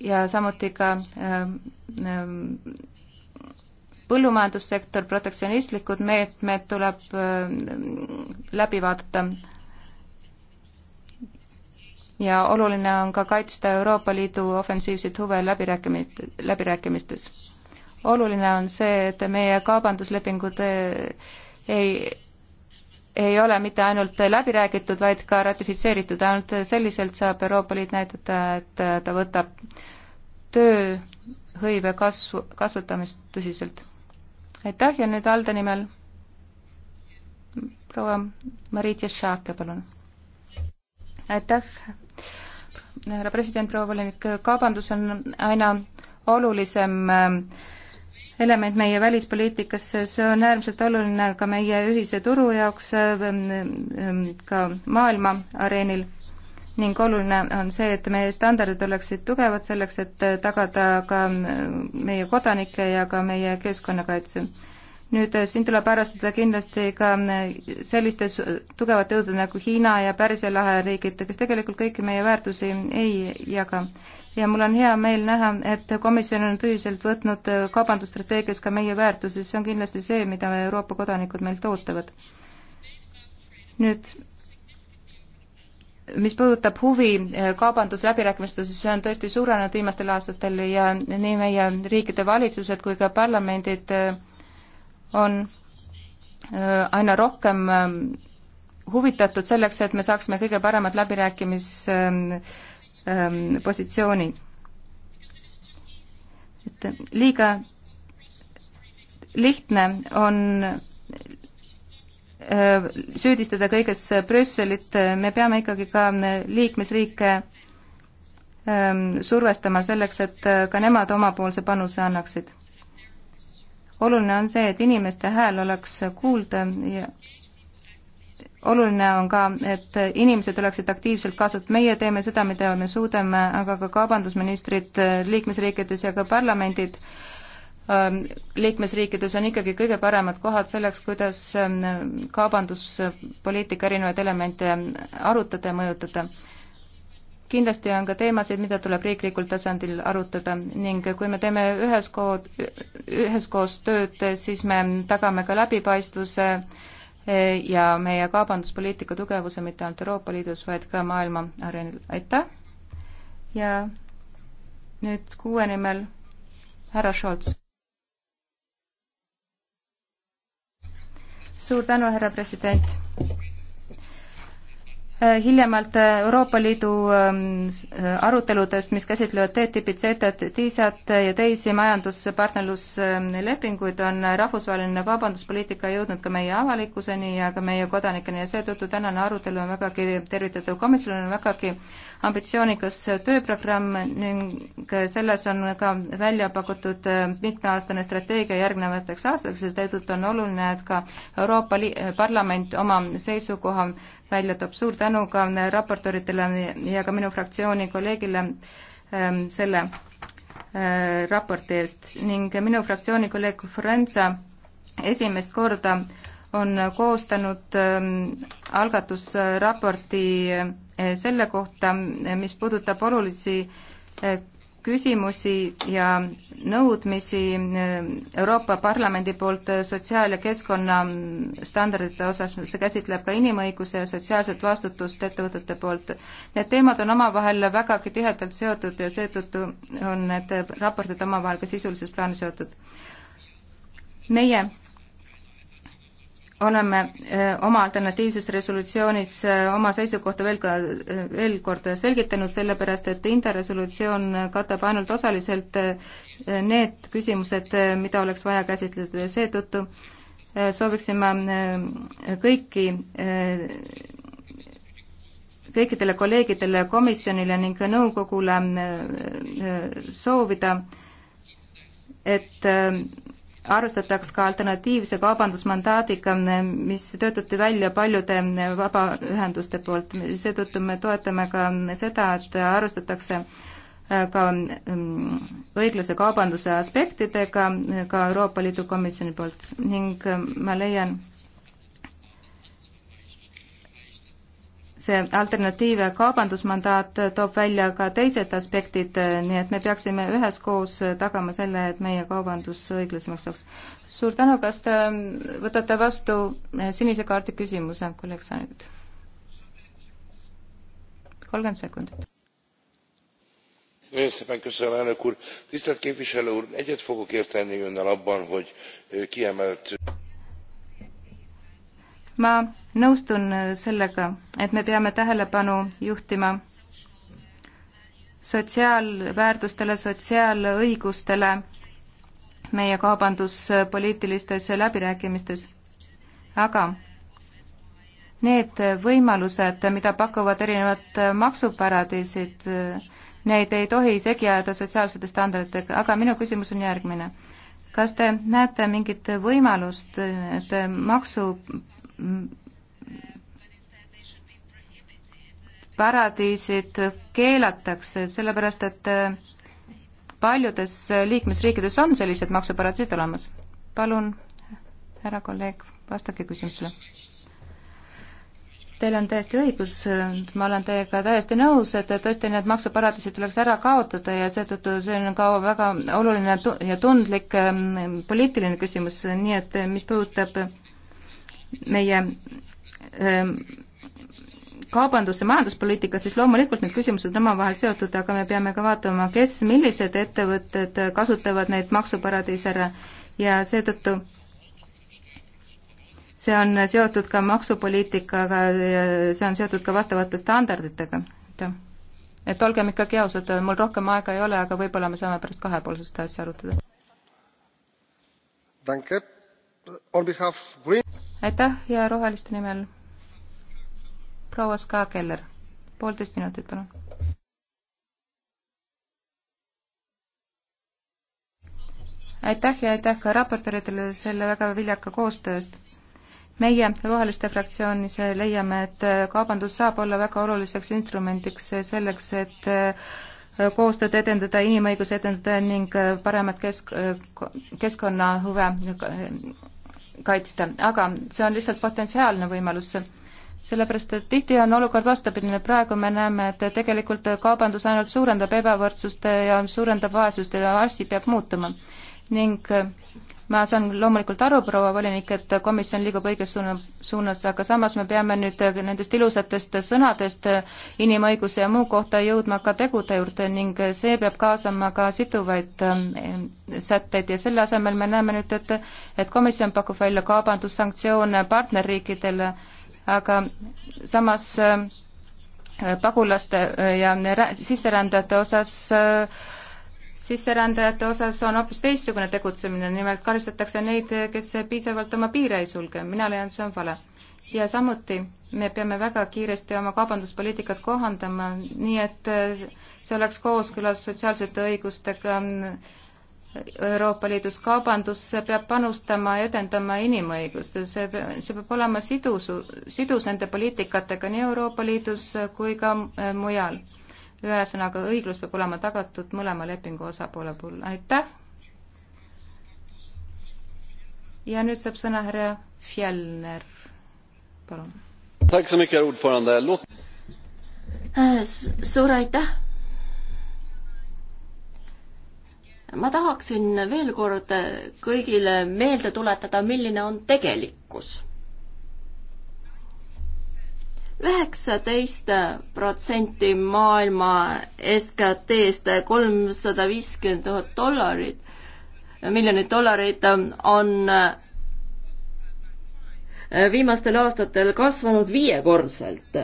ja samuti ka ähm, ähm, põllumajandussektor, protektsionistlikud meetmed tuleb äh, läbi vaadata. ja oluline on ka kaitsta Euroopa Liidu ofensiivseid huve läbirääkimist, läbirääkimistes. oluline on see, et meie kaubanduslepingud äh, ei ei ole mitte ainult läbi räägitud, vaid ka ratifitseeritud, ainult selliselt saab Euroopa Liit näidata, et ta võtab tööhõive kasvu, kasvatamist tõsiselt aitäh ja nüüd Alde nimel proua Marit Jašake, palun. aitäh, härra president, proua volinik, kaubandus on aina olulisem äh, element meie välispoliitikas, see on äärmiselt oluline ka meie ühise turu jaoks, äh, äh, ka maailma areenil ning oluline on see, et meie standardid oleksid tugevad selleks, et tagada ka meie kodanike ja ka meie keskkonnakaitse. nüüd äh, siin tuleb arvestada kindlasti ka äh, selliste tugevate jõudude nagu Hiina ja Pärsia lahe riigid, kes tegelikult kõiki meie väärtusi ei jaga. ja mul on hea meel näha, et komisjon on tõsiselt võtnud äh, kaubandusstrateegias ka meie väärtusi, see on kindlasti see, mida Euroopa kodanikud meilt ootavad. nüüd mis puudutab huvi eh, kaubandusläbirääkimistes, siis see on tõesti suurenenud viimastel aastatel ja nii meie riikide valitsused kui ka parlamendid eh, on eh, aina rohkem huvitatud selleks, et me saaksime kõige paremad läbirääkimispositsioonid. et liiga lihtne on Äh, süüdistada kõiges Brüsselit, äh, me peame ikkagi ka äh, liikmesriike ähm, survestama selleks, et ka nemad omapoolse panuse annaksid. oluline on see, et inimeste hääl oleks kuulda ja oluline on ka, et inimesed oleksid aktiivselt kaasatud, meie teeme seda, mida me suudame, aga ka kaubandusministrid liikmesriikides ja ka parlamendid äh, Ähm, liikmesriikides on ikkagi kõige paremad kohad selleks, kuidas ähm, kaubanduspoliitika erinevaid elemente ähm, arutada ja mõjutada. kindlasti on ka teemasid, mida tuleb riiklikul tasandil arutada ning kui me teeme üheskoos, üheskoos tööd, siis me tagame ka läbipaistvuse e, ja meie kaubanduspoliitika tugevuse mitte ainult Euroopa Liidus, vaid ka maailma areenil. aitäh ja nüüd kuue nimel härra Scholz suur tänu, härra president. Äh, hiljemalt äh, Euroopa Liidu ähm, äh, aruteludest, mis käsitlevad TTIP-id, CETA-t, TISA-t ja teisi majanduspartnerluslepinguid, on rahvusvaheline kaubanduspoliitika jõudnud ka meie avalikkuseni ja ka meie kodanikeni ja seetõttu tänane arutelu on vägagi tervitatav. komisjonil on vägagi ambitsioonikas tööprogramm ning selles on ka välja pakutud mitmeaastane strateegia järgnevateks aastateks ja seetõttu on oluline, et ka Euroopa Li-, parlament oma seisukoha välja toob. suur tänu ka raportööridele ja ka minu fraktsiooni kolleegile ehm, selle ehm, raporti eest ning minu fraktsiooni kolleeg Forenza esimest korda on koostanud ehm, algatusraporti Eh, selle kohta, eh, mis puudutab olulisi eh, küsimusi ja nõudmisi Euroopa Parlamendi poolt sotsiaal- ja keskkonnastandardite osas, see käsitleb ka inimõiguse ja sotsiaalset vastutust ettevõtete poolt. Need teemad on omavahel vägagi tihedalt seotud ja seetõttu on need raportid omavahel ka sisulises plaanis seotud. meie oleme eh, oma alternatiivses resolutsioonis eh, oma seisukohta veel ka, eh, veel kord selgitanud, sellepärast et India resolutsioon katab ainult osaliselt need küsimused, mida oleks vaja käsitleda ja seetõttu sooviksime kõiki, kõikidele kolleegidele, komisjonile ning nõukogule soovida, et arvestataks ka alternatiivse kaubandusmandaadiga, mis töötati välja paljude vabaühenduste poolt. seetõttu me toetame ka seda, et arvestatakse ka mm, õiglase kaubanduse aspektidega ka Euroopa Liidu komisjoni poolt ning ma leian, see alternatiiv kaubandusmandaat toob välja ka teised aspektid, nii et me peaksime üheskoos tagama selle, et meie kaubandus õiglasemaks saaks. suur tänu, kas te võtate vastu sinise kaardi küsimuse kolleeg Sanilt? kolmkümmend sekundit. Nagyon szépen köszönöm, elnök úr. Tisztelt képviselő úr, egyet fogok érteni önnel abban, hogy kiemelt ma nõustun sellega, et me peame tähelepanu juhtima sotsiaalväärtustele, sotsiaalõigustele meie kaubanduspoliitilistes läbirääkimistes. aga need võimalused, mida pakuvad erinevad maksuparadiisid, neid ei tohi segi ajada sotsiaalsete standarditega, aga minu küsimus on järgmine. kas te näete mingit võimalust, et maksu paradiisid keelatakse, sellepärast et eh, paljudes liikmesriikides on sellised maksuparadiisid olemas. palun, härra kolleeg, vastake küsimusele. Teil on täiesti õigus, ma olen teiega täiesti nõus, et tõesti need maksuparadiisid tuleks ära kaotada ja seetõttu see on ka väga oluline ja tundlik eh, poliitiline küsimus, nii et eh, mis puudutab meie ähm, kaubandus- ja majanduspoliitika, siis loomulikult need küsimused on omavahel seotud, aga me peame ka vaatama, kes, millised ettevõtted kasutavad neid maksuparadiise ära ja seetõttu see on seotud ka maksupoliitikaga ja see on seotud ka vastavate standarditega, et et olgem ikkagi ausad, mul rohkem aega ei ole, aga võib-olla me saame pärast kahepoolselt seda asja arutada aitäh ja Roheliste nimel proua Ska Keller, poolteist minutit, palun. aitäh ja aitäh ka raportööridele selle väga viljaka koostöö eest meie Roheliste fraktsioonis leiame, et kaubandus saab olla väga oluliseks instrumendiks selleks, et äh, koostööd edendada, inimõigusi edendada ning äh, paremat kesk, äh, keskkonnahuve kaitsta, aga see on lihtsalt potentsiaalne võimalus, sellepärast et tihti on olukord vastupidine, praegu me näeme, et tegelikult kaubandus ainult suurendab ebavõrdsust ja suurendab vaesust ja asi peab muutuma. ning ma saan loomulikult aru, proua volinik, et komisjon liigub õiges suuna, suunas, aga samas me peame nüüd nendest ilusatest sõnadest inimõiguse ja muu kohta jõudma ka tegude juurde ning see peab kaasama ka siduvaid eh, sätteid ja selle asemel me näeme nüüd, et et komisjon pakub välja kaubandussanktsioone partnerriikidele, aga samas eh, pagulaste eh, ja sisserändajate osas äh, sisserändajate osas on hoopis teistsugune tegutsemine, nimelt karistatakse neid, kes piisavalt oma piire ei sulge, mina leian, see on vale. ja samuti me peame väga kiiresti oma kaubanduspoliitikat kohandama, nii et see oleks kooskõlas sotsiaalsete õigustega Euroopa Liidus kaubandus peab panustama, edendama inimõigust, see, see peab olema sidus, sidus nende poliitikatega nii Euroopa Liidus kui ka mujal ühesõnaga, õiglus peab olema tagatud mõlema lepingu osapoole puhul, aitäh! ja nüüd saab sõna härra Fjellner, palun. Äh, suur aitäh! ma tahaksin veel kord kõigile meelde tuletada, milline on tegelikkus üheksateist protsenti maailma SKT-st, kolmsada viiskümmend tuhat dollarit, miljonit dollarit on äh, viimastel aastatel kasvanud viiekordselt.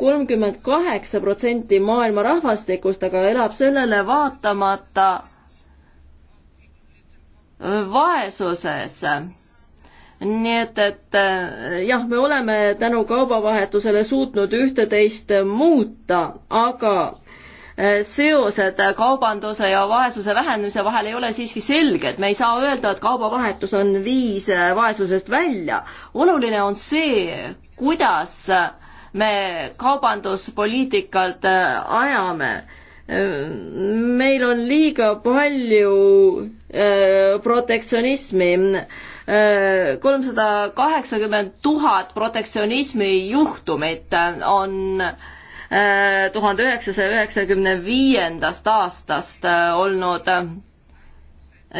kolmkümmend kaheksa protsenti maailma rahvastikust aga elab sellele vaatamata äh, vaesuses nii et, et äh, jah, me oleme tänu kaubavahetusele suutnud ühte-teist muuta, aga äh, seosed kaubanduse ja vaesuse vähenemise vahel ei ole siiski selged, me ei saa öelda, et kaubavahetus on viis äh, vaesusest välja. oluline on see, kuidas me kaubanduspoliitikat ajame meil on liiga palju protektsionismi kolmsada kaheksakümmend tuhat protektsionismi juhtumit on eh, tuhande üheksasaja üheksakümne viiendast aastast eh, olnud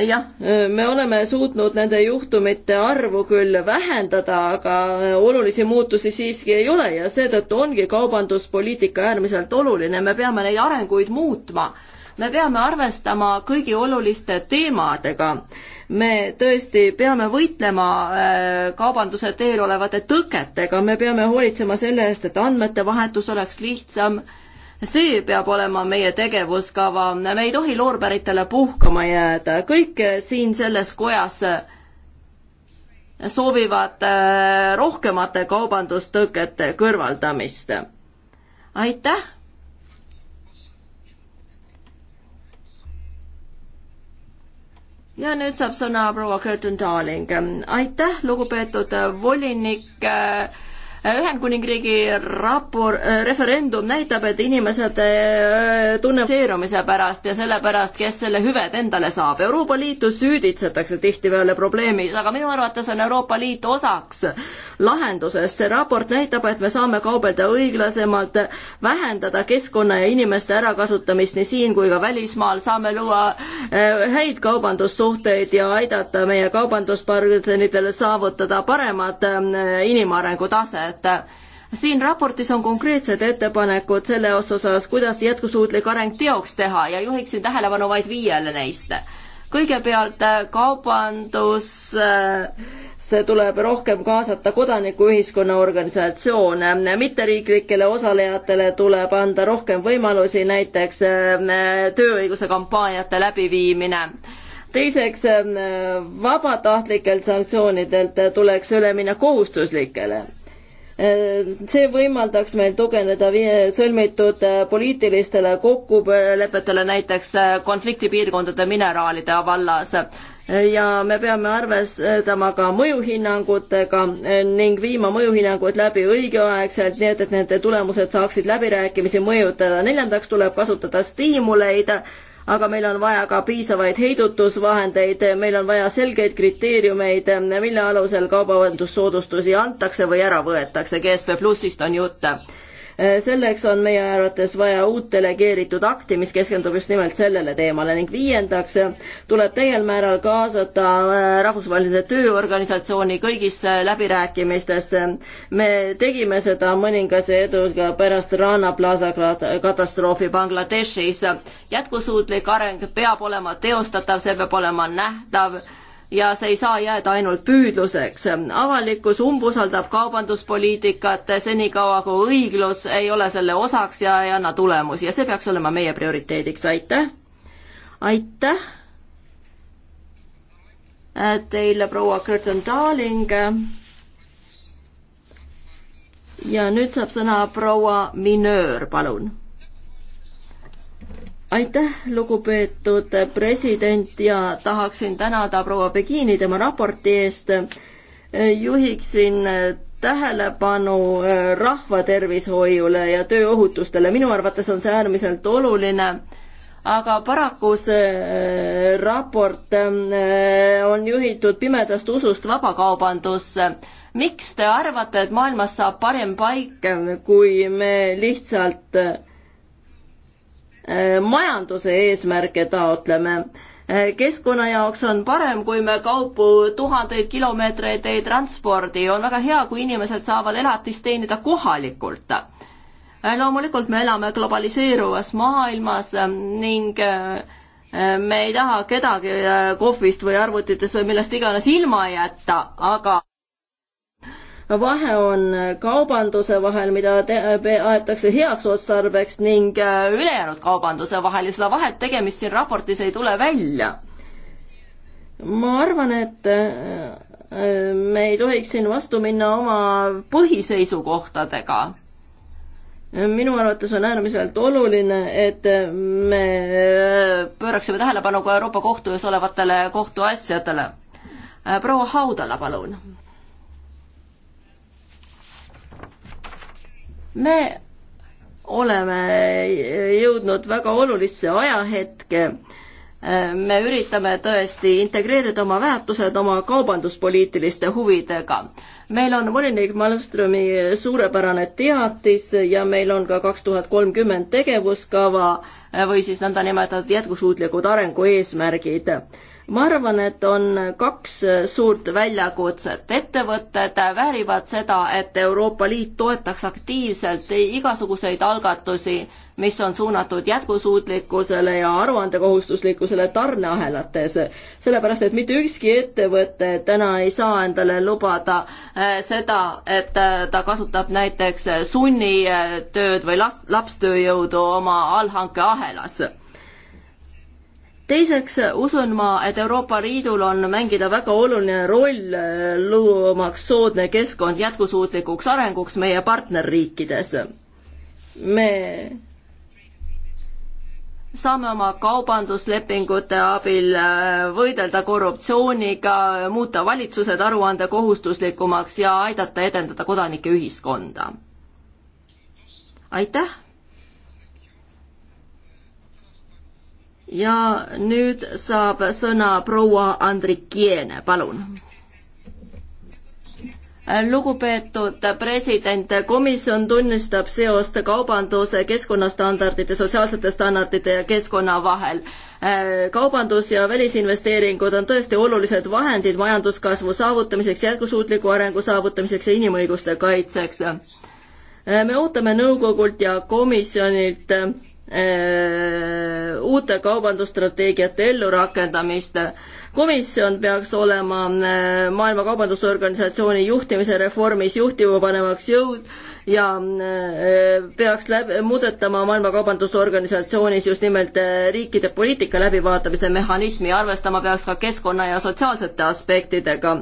jah, me oleme suutnud nende juhtumite arvu küll vähendada, aga olulisi muutusi siiski ei ole ja seetõttu ongi kaubanduspoliitika äärmiselt oluline, me peame neid arenguid muutma me peame arvestama kõigi oluliste teemadega. me tõesti peame võitlema äh, kaubanduse teel olevate tõketega, me peame hoolitsema selle eest, et andmete vahetus oleks lihtsam, see peab olema meie tegevuskava, me ei tohi loorberitele puhkama jääda, kõik siin selles kojas soovivad äh, rohkemate kaubandustõkete kõrvaldamist. aitäh! ja nüüd saab sõna proua Curtin Darling. aitäh, lugupeetud volinik äh, Ühendkuningriigi rapor-, äh, referendum näitab, et inimesed äh, tunneseerumise pärast ja selle pärast, kes selle hüved endale saab. Euroopa Liitu süüditsetakse tihtipeale probleemis, aga minu arvates on Euroopa Liit osaks lahendusest. see raport näitab, et me saame kaubelda õiglasemalt, vähendada keskkonna ja inimeste ärakasutamist nii siin kui ka välismaal, saame luua äh, häid kaubandussuhteid ja aidata meie kaubanduspartneritele saavutada paremat inimarengu tase. Soomet siin raportis on konkreetsed ettepanekud selle osas, kuidas jätkusuutlik areng teoks teha ja juhiksin tähelepanu vaid viiele neist. kõigepealt äh, kaubandusse äh, tuleb rohkem kaasata kodanikuühiskonna organisatsioone, mitteriiklikele osalejatele tuleb anda rohkem võimalusi, näiteks äh, tööõiguse kampaaniate läbiviimine teiseks, vabatahtlikelt sanktsioonidelt tuleks üle minna kohustuslikele see võimaldaks meil tugevneda sõlmitud äh, poliitilistele kokkulepetele näiteks äh, konfliktipiirkondade mineraalide vallas ja me peame arvestama ka mõjuhinnangutega äh, ning viima mõjuhinnangud läbi õigeaegselt, nii et, et nende tulemused saaksid läbirääkimisi mõjutada. neljandaks tuleb kasutada stiimuleid aga meil on vaja ka piisavaid heidutusvahendeid, meil on vaja selgeid kriteeriumeid, mille alusel kaubandussoodustusi antakse või ära võetakse, GSP Plussist on jutt selleks on meie arvates vaja uut delegeeritud akti, mis keskendub just nimelt sellele teemale ning viiendaks tuleb täiel määral kaasata äh, Rahvusvahelise Tööorganisatsiooni kõigisse läbirääkimistesse. me tegime seda mõningase eduga pärast Rana Plaza katastroofi Bangladeshis. jätkusuutlik areng peab olema teostatav, see peab olema nähtav ja see ei saa jääda ainult püüdluseks. avalikkus umbusaldab kaubanduspoliitikat senikaua, kui õiglus ei ole selle osaks ja ei anna tulemusi ja see peaks olema meie prioriteediks, aitäh! aitäh äh, teile, proua Curtin Darling. ja nüüd saab sõna proua Minöör, palun aitäh, lugupeetud president ja tahaksin tänada proua Begini tema raporti eest. juhiksin tähelepanu äh, rahvatervishoiule ja tööohutustele, minu arvates on see äärmiselt oluline, aga paraku see äh, raport äh, on juhitud pimedast usust vabakaubandusse. miks te arvate, et maailmas saab parem paik, kui me lihtsalt majanduse eesmärke taotleme. Äh, keskkonna jaoks on parem, kui me kaupu tuhandeid kilomeetreid ei transpordi, on väga hea, kui inimesed saavad elatist teenida kohalikult äh, loomulikult me elame globaliseeruvas maailmas ähm, ning äh, me ei taha kedagi kohvist või arvutitest või millest iganes ilma jätta, aga vahe on kaubanduse vahel, mida aetakse heaks otstarbeks ning äh, ülejäänud kaubanduse vahel ja seda vahet tegemist siin raportis ei tule välja. ma arvan, et äh, me ei tohiks siin vastu minna oma põhiseisukohtadega minu arvates on äärmiselt oluline, et me äh, pööraksime tähelepanu ka Euroopa Kohtu ees olevatele kohtuasjadele. proua Haudala, palun. me oleme jõudnud väga olulisse ajahetke. me üritame tõesti integreerida oma väärtused oma kaubanduspoliitiliste huvidega. meil on volinik Malmströmi suurepärane teatis ja meil on ka kaks tuhat kolmkümmend tegevuskava või siis nõndanimetatud jätkusuutlikud arengueesmärgid ma arvan, et on kaks suurt väljakutset. ettevõtted väärivad seda, et Euroopa Liit toetaks aktiivselt igasuguseid algatusi, mis on suunatud jätkusuutlikkusele ja aruandekohustuslikkusele tarneahelates. sellepärast, et mitte ükski ettevõte täna ei saa endale lubada eh, seda, et eh, ta kasutab näiteks sunnitööd või last, lapstööjõudu oma allhankeahelas teiseks usun ma, et Euroopa Liidul on mängida väga oluline roll äh, loomaks soodne keskkond jätkusuutlikuks arenguks meie partnerriikides. me saame oma kaubanduslepingute abil äh, võidelda korruptsiooniga, muuta valitsused aruandekohustuslikumaks ja aidata edendada kodanike ühiskonda. aitäh ja nüüd saab sõna proua Andrikiene, palun lugupeetud president, komisjon tunnistab seost kaubanduse keskkonnastandardite, sotsiaalsete standardite ja keskkonna vahel. kaubandus ja välisinvesteeringud on tõesti olulised vahendid majanduskasvu saavutamiseks, jätkusuutliku arengu saavutamiseks ja inimõiguste kaitseks. me ootame nõukogult ja komisjonilt Äh, uute kaubandusstrateegiate ellurakendamist. komisjon peaks olema äh, Maailma Kaubandusorganisatsiooni juhtimise reformis juhtivapanemaks jõud ja äh, peaks läbi, muudetama Maailma Kaubandusorganisatsioonis just nimelt riikide poliitika läbivaatamise mehhanismi ja arvestama peaks ka keskkonna ja sotsiaalsete aspektidega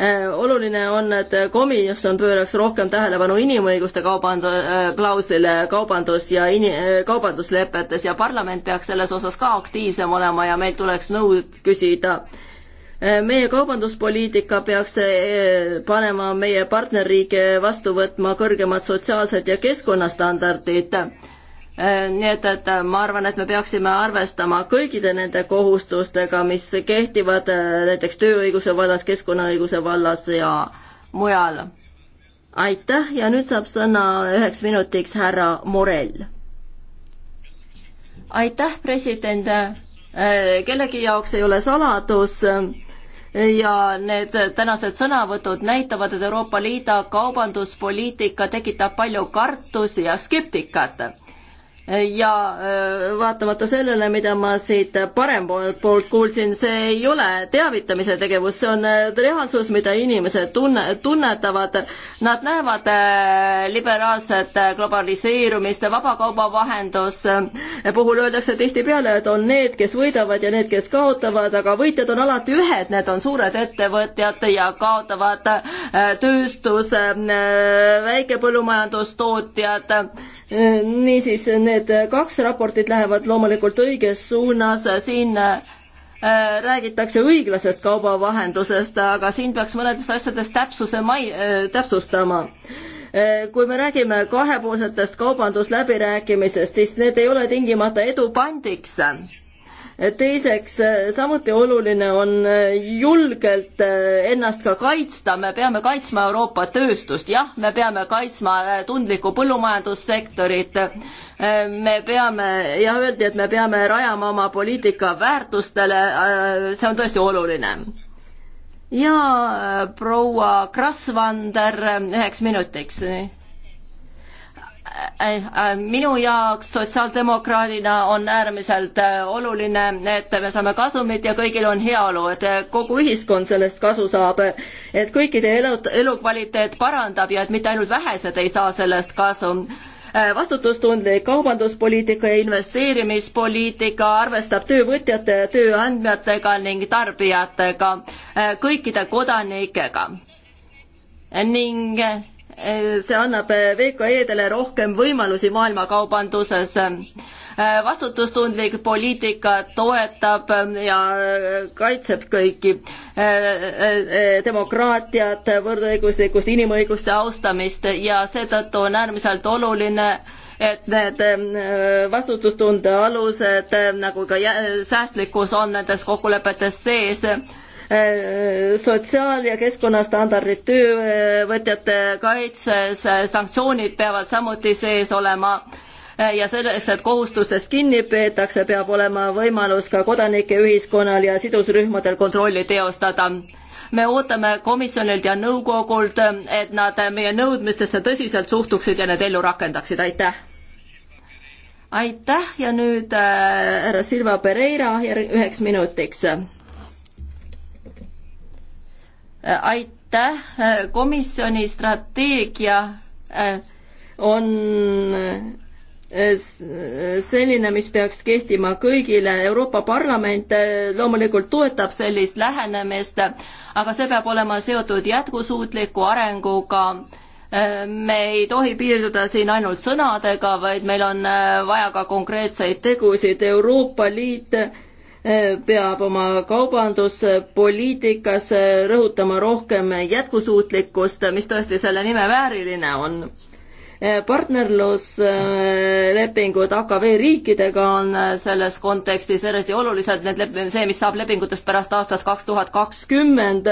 Äh, oluline on, et komisjon pööraks rohkem tähelepanu inimõiguste kauband-, äh, klauslile kaubandus ja in-, äh, kaubanduslepetes ja parlament peaks selles osas ka aktiivsem olema ja meil tuleks nõu küsida. meie kaubanduspoliitika peaks panema meie partnerriike vastu võtma kõrgemad sotsiaalsed ja keskkonnastandardid Äh, nii et, et äh, ma arvan, et me peaksime arvestama kõikide nende kohustustega, mis kehtivad äh, näiteks tööõiguse vallas, keskkonnaõiguse vallas ja mujal. aitäh ja nüüd saab sõna üheks minutiks härra Morell. aitäh, president. kellegi jaoks ei ole saladus ja need tänased sõnavõtud näitavad, et Euroopa Liidu kaubanduspoliitika tekitab palju kartusi ja skeptikat ja äh, vaatamata sellele, mida ma siit parempoolelt poolt kuulsin, see ei ole teavitamise tegevus, see on äh, reaalsus, mida inimesed tunne, tunnetavad. Nad näevad äh, liberaalset globaliseerumist, vabakaubavahendus puhul öeldakse tihtipeale, et on need, kes võidavad ja need, kes kaotavad, aga võitjad on alati ühed, need on suured ettevõtjad ja kaotavad tööstus, väikepõllumajandustootjad niisiis, need kaks raportit lähevad loomulikult õiges suunas, siin äh, räägitakse õiglasest kaubavahendusest, aga siin peaks mõnedes asjades täpsuse mai-, äh, täpsustama äh, kui me räägime kahepoolsetest kaubandusläbirääkimistest, siis need ei ole tingimata edu pandiks teiseks, eh, samuti oluline on eh, julgelt eh, ennast ka kaitsta, me peame kaitsma Euroopa tööstust, jah, me peame kaitsma tundlikku põllumajandussektorit, me peame, jah, öeldi, et me peame rajama oma poliitika väärtustele, see on tõesti oluline. ja proua Krasvander üheks minutiks, nii Äh, äh, minu jaoks sotsiaaldemokraadina on äärmiselt äh, oluline, et me saame kasumit ja kõigil on heaolu, et kogu ühiskond sellest kasu saab, et kõikide elu, elukvaliteet parandab ja et mitte ainult vähesed ei saa sellest kasu vastutustundlik kaubanduspoliitika ja investeerimispoliitika arvestab töövõtjate ja tööandjatega ning tarbijatega, kõikide kodanikega. ning see annab VKE-dele rohkem võimalusi maailmakaubanduses. vastutustundlik poliitika toetab ja kaitseb kõiki demokraatiat, võrdõiguslikkust, inimõiguste austamist ja seetõttu on äärmiselt oluline et need vastutustunde alused nagu ka säästlikkus on nendes kokkulepetes sees Äh, sotsiaal- ja keskkonnastandardid töövõtjate kaitses, sanktsioonid peavad samuti sees olema äh, ja selleks, et kohustustest kinni peetakse, peab olema võimalus ka kodanike ühiskonnal ja sidusrühmadel kontrolli teostada me ootame komisjonilt ja nõukogult, et nad meie nõudmistesse tõsiselt suhtuksid ja need ellu rakendaksid, aitäh! aitäh ja nüüd äh, härra Silva Pereira üheks minutiks aitäh, komisjoni strateegia äh, on äh, selline, mis peaks kehtima kõigile, Euroopa Parlament äh, loomulikult toetab sellist lähenemist, aga see peab olema seotud jätkusuutliku arenguga, me ei tohi piirduda siin ainult sõnadega, vaid meil on vaja ka konkreetseid tegusid, Euroopa Liit peab oma kaubanduspoliitikas rõhutama rohkem jätkusuutlikkust, mis tõesti selle nime vääriline on. partnerluslepingud AKV riikidega on selles kontekstis eriti olulised, need lep-, see, mis saab lepingutest pärast aastat kaks tuhat kakskümmend.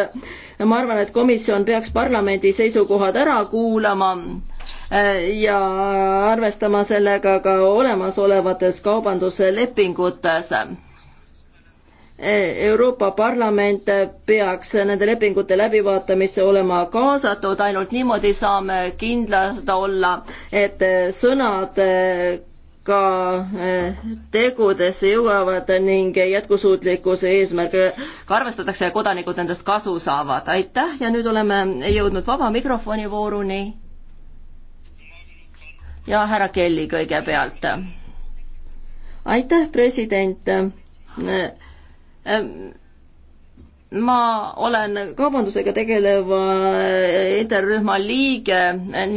ma arvan, et komisjon peaks parlamendi seisukohad ära kuulama ja arvestama sellega ka olemasolevates kaubanduslepingutes Euroopa Parlament peaks nende lepingute läbivaatamisse olema kaasatud, ainult niimoodi saame kindlad olla, et sõnad äh, ka äh, tegudesse jõuavad ning jätkusuutlikkuse eesmärke ka arvestatakse ja kodanikud nendest kasu saavad. aitäh ja nüüd oleme jõudnud vaba mikrofoni vooruni. ja härra Kelly kõigepealt. aitäh, president äh, Ehm, ma olen kaubandusega tegeleva eh, interrühma liige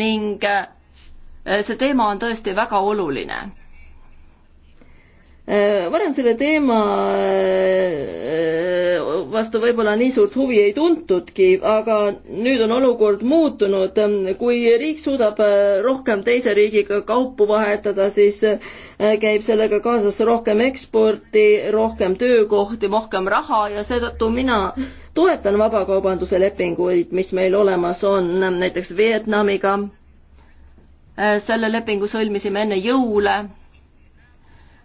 ning eh, see teema on tõesti väga oluline Äh, varem selle teema äh, vastu võib-olla nii suurt huvi ei tuntudki, aga nüüd on olukord muutunud. kui riik suudab äh, rohkem teise riigiga kaupu vahetada, siis käib sellega kaasas rohkem eksporti, rohkem töökohti, rohkem raha ja seetõttu mina toetan vabakaubanduse lepinguid, mis meil olemas on, näiteks Vietnamiga. selle lepingu sõlmisime enne jõule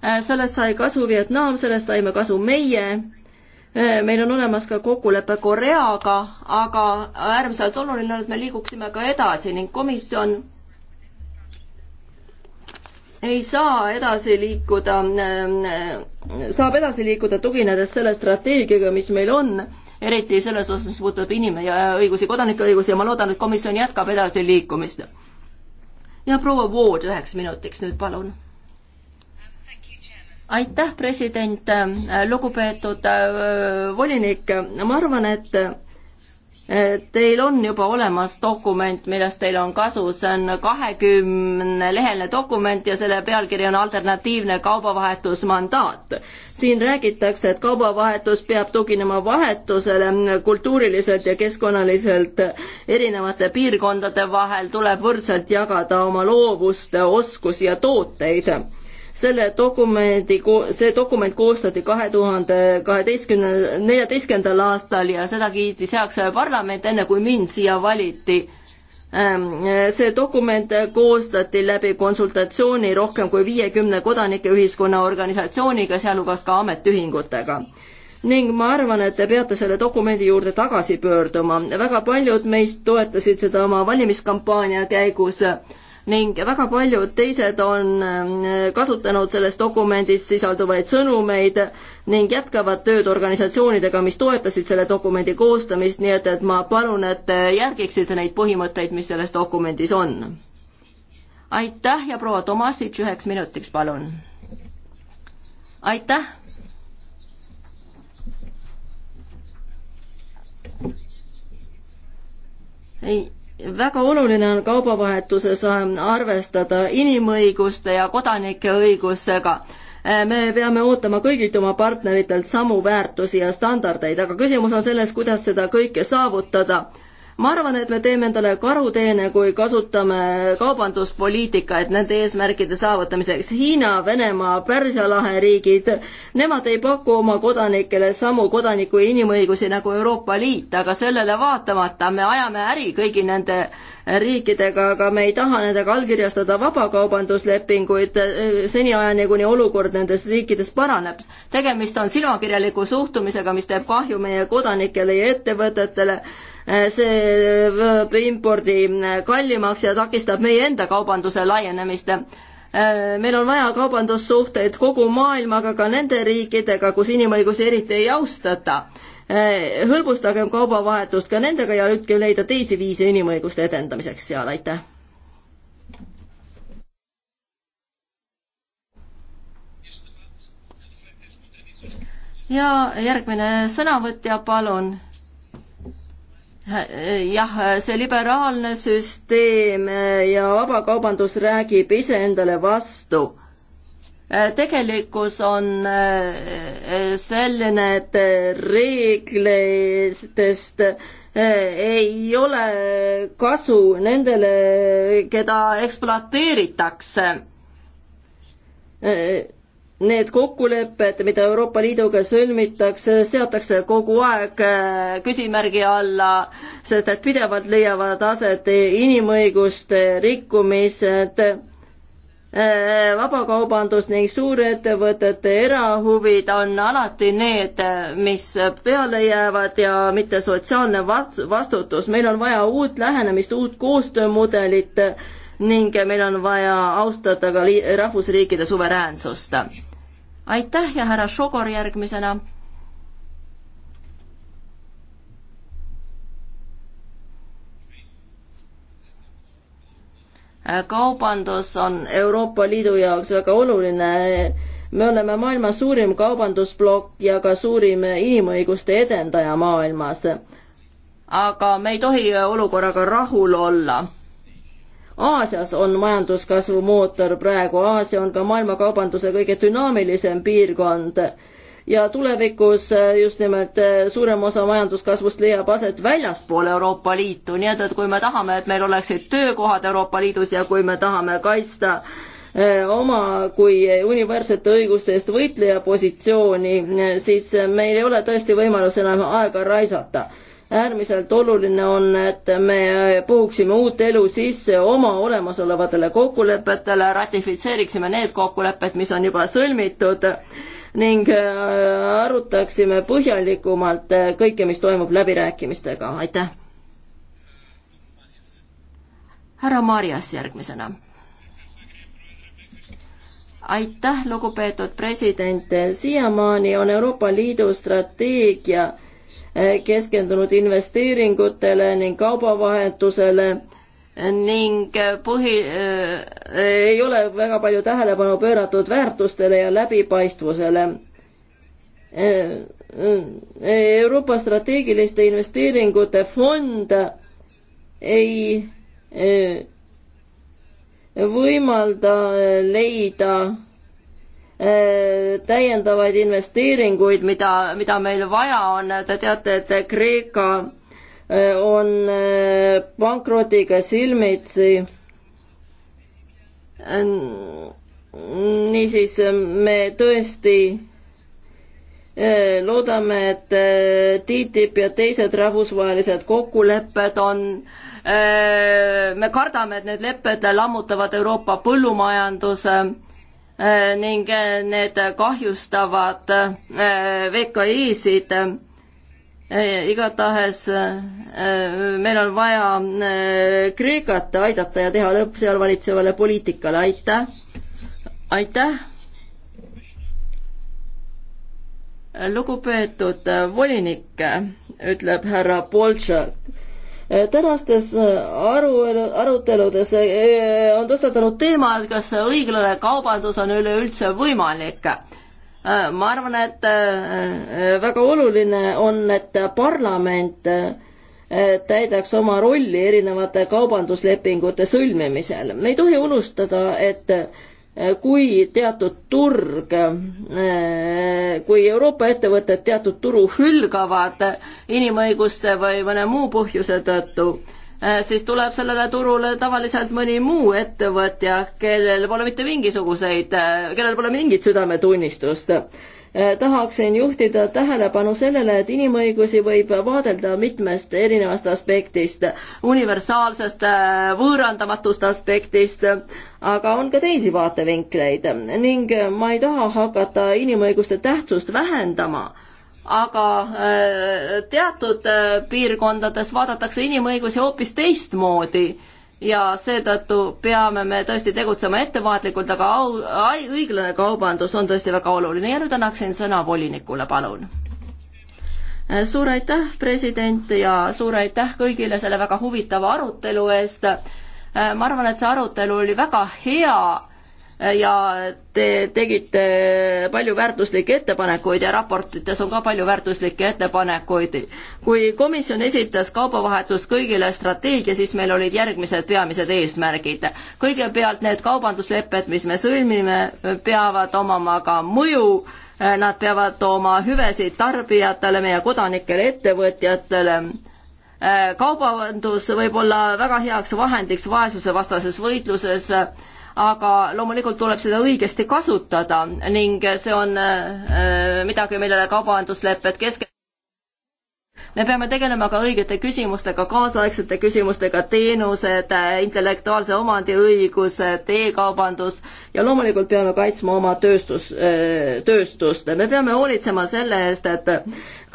Äh, sellest sai kasu Vietnam, sellest saime kasu meie. Äh, meil on olemas ka kokkulepe Koreaga, aga äärmiselt oluline on, et me liiguksime ka edasi ning komisjon ei saa edasi liikuda, äh, saab edasi liikuda tuginedes selle strateegiaga, mis meil on, eriti selles osas, mis puudutab inim- ja õigusi, kodanike õigusi ja ma loodan, et komisjon jätkab edasiliikumist. ja proua Wood üheks minutiks nüüd, palun aitäh, president, äh, lugupeetud äh, volinik, ma arvan, et äh, Teil on juba olemas dokument, millest teil on kasu, see on kahekümneleheline dokument ja selle pealkiri on alternatiivne kaubavahetusmandaat. siin räägitakse, et kaubavahetus peab tuginema vahetusele kultuuriliselt ja keskkonnaliselt erinevate piirkondade vahel, tuleb võrdselt jagada oma loovust, oskusi ja tooteid selle dokumendi, see dokument koostati kahe tuhande kaheteistkümne, neljateistkümnendal aastal ja seda kiitis heaks parlament, enne kui mind siia valiti ähm, see dokument koostati läbi konsultatsiooni rohkem kui viiekümne kodanike ühiskonnaorganisatsiooniga, sealhulgas ka ametiühingutega. ning ma arvan, et te peate selle dokumendi juurde tagasi pöörduma. väga paljud meist toetasid seda oma valimiskampaania käigus ning väga paljud teised on äh, kasutanud selles dokumendis sisalduvaid sõnumeid ning jätkavad tööd organisatsioonidega, mis toetasid selle dokumendi koostamist, nii et, et ma palun, et te äh, järgiksite neid põhimõtteid, mis selles dokumendis on. aitäh ja proua Tomasitš üheks minutiks, palun. aitäh ei, väga oluline on kaubavahetuses ähm, arvestada inimõiguste ja kodanike õigusega. Äh, me peame ootama kõigilt oma partneritelt samu väärtusi ja standardeid, aga küsimus on selles, kuidas seda kõike saavutada ma arvan, et me teeme endale karuteene, kui kasutame kaubanduspoliitikat nende eesmärkide saavutamiseks. Hiina, Venemaa, Pärsia lahe riigid, nemad ei paku oma kodanikele samu kodaniku inimõigusi nagu Euroopa Liit, aga sellele vaatamata me ajame äri kõigi nende riikidega, aga me ei taha nendega allkirjastada vabakaubanduslepinguid eh, seniajani, kuni olukord nendes riikides paraneb. tegemist on silmakirjaliku suhtumisega, mis teeb kahju meie kodanikele ja ettevõtetele eh, see võib impordi eh, kallimaks ja takistab meie enda kaubanduse laienemist meil on vaja kaubandussuhteid kogu maailmaga, ka nende riikidega, kus inimõigusi eriti ei austata. Eh, hõlbustagem kaubavahetust ka nendega ja ütlge leida teisi viise inimõiguste edendamiseks seal, aitäh. ja järgmine sõnavõtja, palun eh, jah, see liberaalne süsteem eh, ja vabakaubandus räägib iseendale vastu. Äh, tegelikkus on äh, selline, et äh, reeglitest ei ole kasu nendele, keda ekspluateeritakse. Need kokkulepped, mida Euroopa Liiduga sõlmitakse, seatakse kogu aeg küsimärgi alla, sest et pidevalt leiavad aset inimõiguste rikkumised Äh, vabakaubandus ning suurettevõtete erahuvid on alati need, mis peale jäävad ja mitte sotsiaalne vastutus. meil on vaja uut lähenemist, uut koostöömudelit ning meil on vaja austada ka rahvusriikide suveräänsust. aitäh ja härra Šogor järgmisena Äh, kaubandus on Euroopa Liidu jaoks väga oluline. me oleme maailma suurim kaubandusplokk ja ka suurim inimõiguste edendaja maailmas. aga me ei tohi olukorraga rahul olla. Aasias on majanduskasvu mootor praegu, Aasia on ka maailmakaubanduse kõige dünaamilisem piirkond ja tulevikus eh, just nimelt eh, suurem osa majanduskasvust leiab aset väljaspool Euroopa Liitu, nii et, et kui me tahame, et meil oleksid töökohad Euroopa Liidus ja kui me tahame kaitsta eh, oma kui universete õiguste eest võitleja positsiooni, siis meil ei ole tõesti võimalus enam aega raisata. äärmiselt oluline on, et me puhuksime uut elu sisse oma olemasolevatele kokkulepetele, ratifitseeriksime need kokkulepped, mis on juba sõlmitud ning äh, arutaksime põhjalikumalt äh, kõike, mis toimub läbirääkimistega, aitäh. härra Marias järgmisena aitäh, lugupeetud president, siiamaani on Euroopa Liidu strateegia äh, keskendunud investeeringutele ning kaubavahetusele ning põhi äh,, ei ole väga palju tähelepanu pööratud väärtustele ja läbipaistvusele äh,. äh Euroopa strateegiliste investeeringute fond ei äh, võimalda leida äh, täiendavaid investeeringuid, mida, mida meil vaja on, te teate, et Kreeka äh, Äh, on äh, pankrotiga silmitsi. Äh, niisiis me tõesti loodame, et TTIP ja teised rahvusvahelised kokkulepped on me kardame, et need lepped lammutavad Euroopa põllumajanduse ning need kahjustavad VKI-sid Äh, igatahes äh, meil on vaja äh, Kreekat aidata ja teha lõpp seal valitsevale poliitikale, aitäh. aitäh. lugupeetud volinik, ütleb härra Boltšak tänastes aru, aruteludes on tõstatunud teema, et kas õiglane kaubandus on üleüldse võimalik Äh, ma arvan, et äh, äh, väga oluline on, et parlament täidaks oma rolli erinevate kaubanduslepingute sõlmimisel. me ei tohi unustada, et kui teatud turg, kui Euroopa ettevõtted teatud turu hülgavad inimõiguste või mõne muu põhjuse tõttu, Äh, siis tuleb sellele turule tavaliselt mõni muu ettevõtja, kellel pole mitte mingisuguseid, äh, kellel pole mingit südametunnistust. Äh, tahaksin juhtida tähelepanu sellele, et inimõigusi võib vaadelda mitmest erinevast aspektist, universaalsest võõrandamatust aspektist, aga on ka teisi vaatevinkleid ning ma ei taha hakata inimõiguste tähtsust vähendama aga äh, teatud äh, piirkondades vaadatakse inimõigusi hoopis teistmoodi ja seetõttu peame me tõesti tegutsema ettevaatlikult, aga au, ai, õiglane kaubandus on tõesti väga oluline ja nüüd annaksin sõna volinikule, palun. Äh, suur aitäh, president, ja suur aitäh kõigile selle väga huvitava arutelu eest. ma arvan, et see arutelu oli väga hea ja te tegite palju väärtuslikke ettepanekuid ja raportites on ka palju väärtuslikke ettepanekuid. kui komisjon esitas kaubavahetus kõigile strateegia, siis meil olid järgmised peamised eesmärgid. kõigepealt need kaubanduslepped, mis me sõlmime, peavad omama ka mõju, nad peavad tooma hüvesid tarbijatele, meie kodanikele, ettevõtjatele kaubandus võib olla väga heaks vahendiks vaesusevastases võitluses, aga loomulikult tuleb seda õigesti kasutada ning see on äh, midagi, millele kaubanduslepped kesk- me peame tegelema ka õigete küsimustega, kaasaegsete küsimustega, teenused, äh, intellektuaalse omandi õigused e, e-kaubandus ja loomulikult peame kaitsma oma tööstus, äh, tööstust. me peame hoolitsema selle eest, et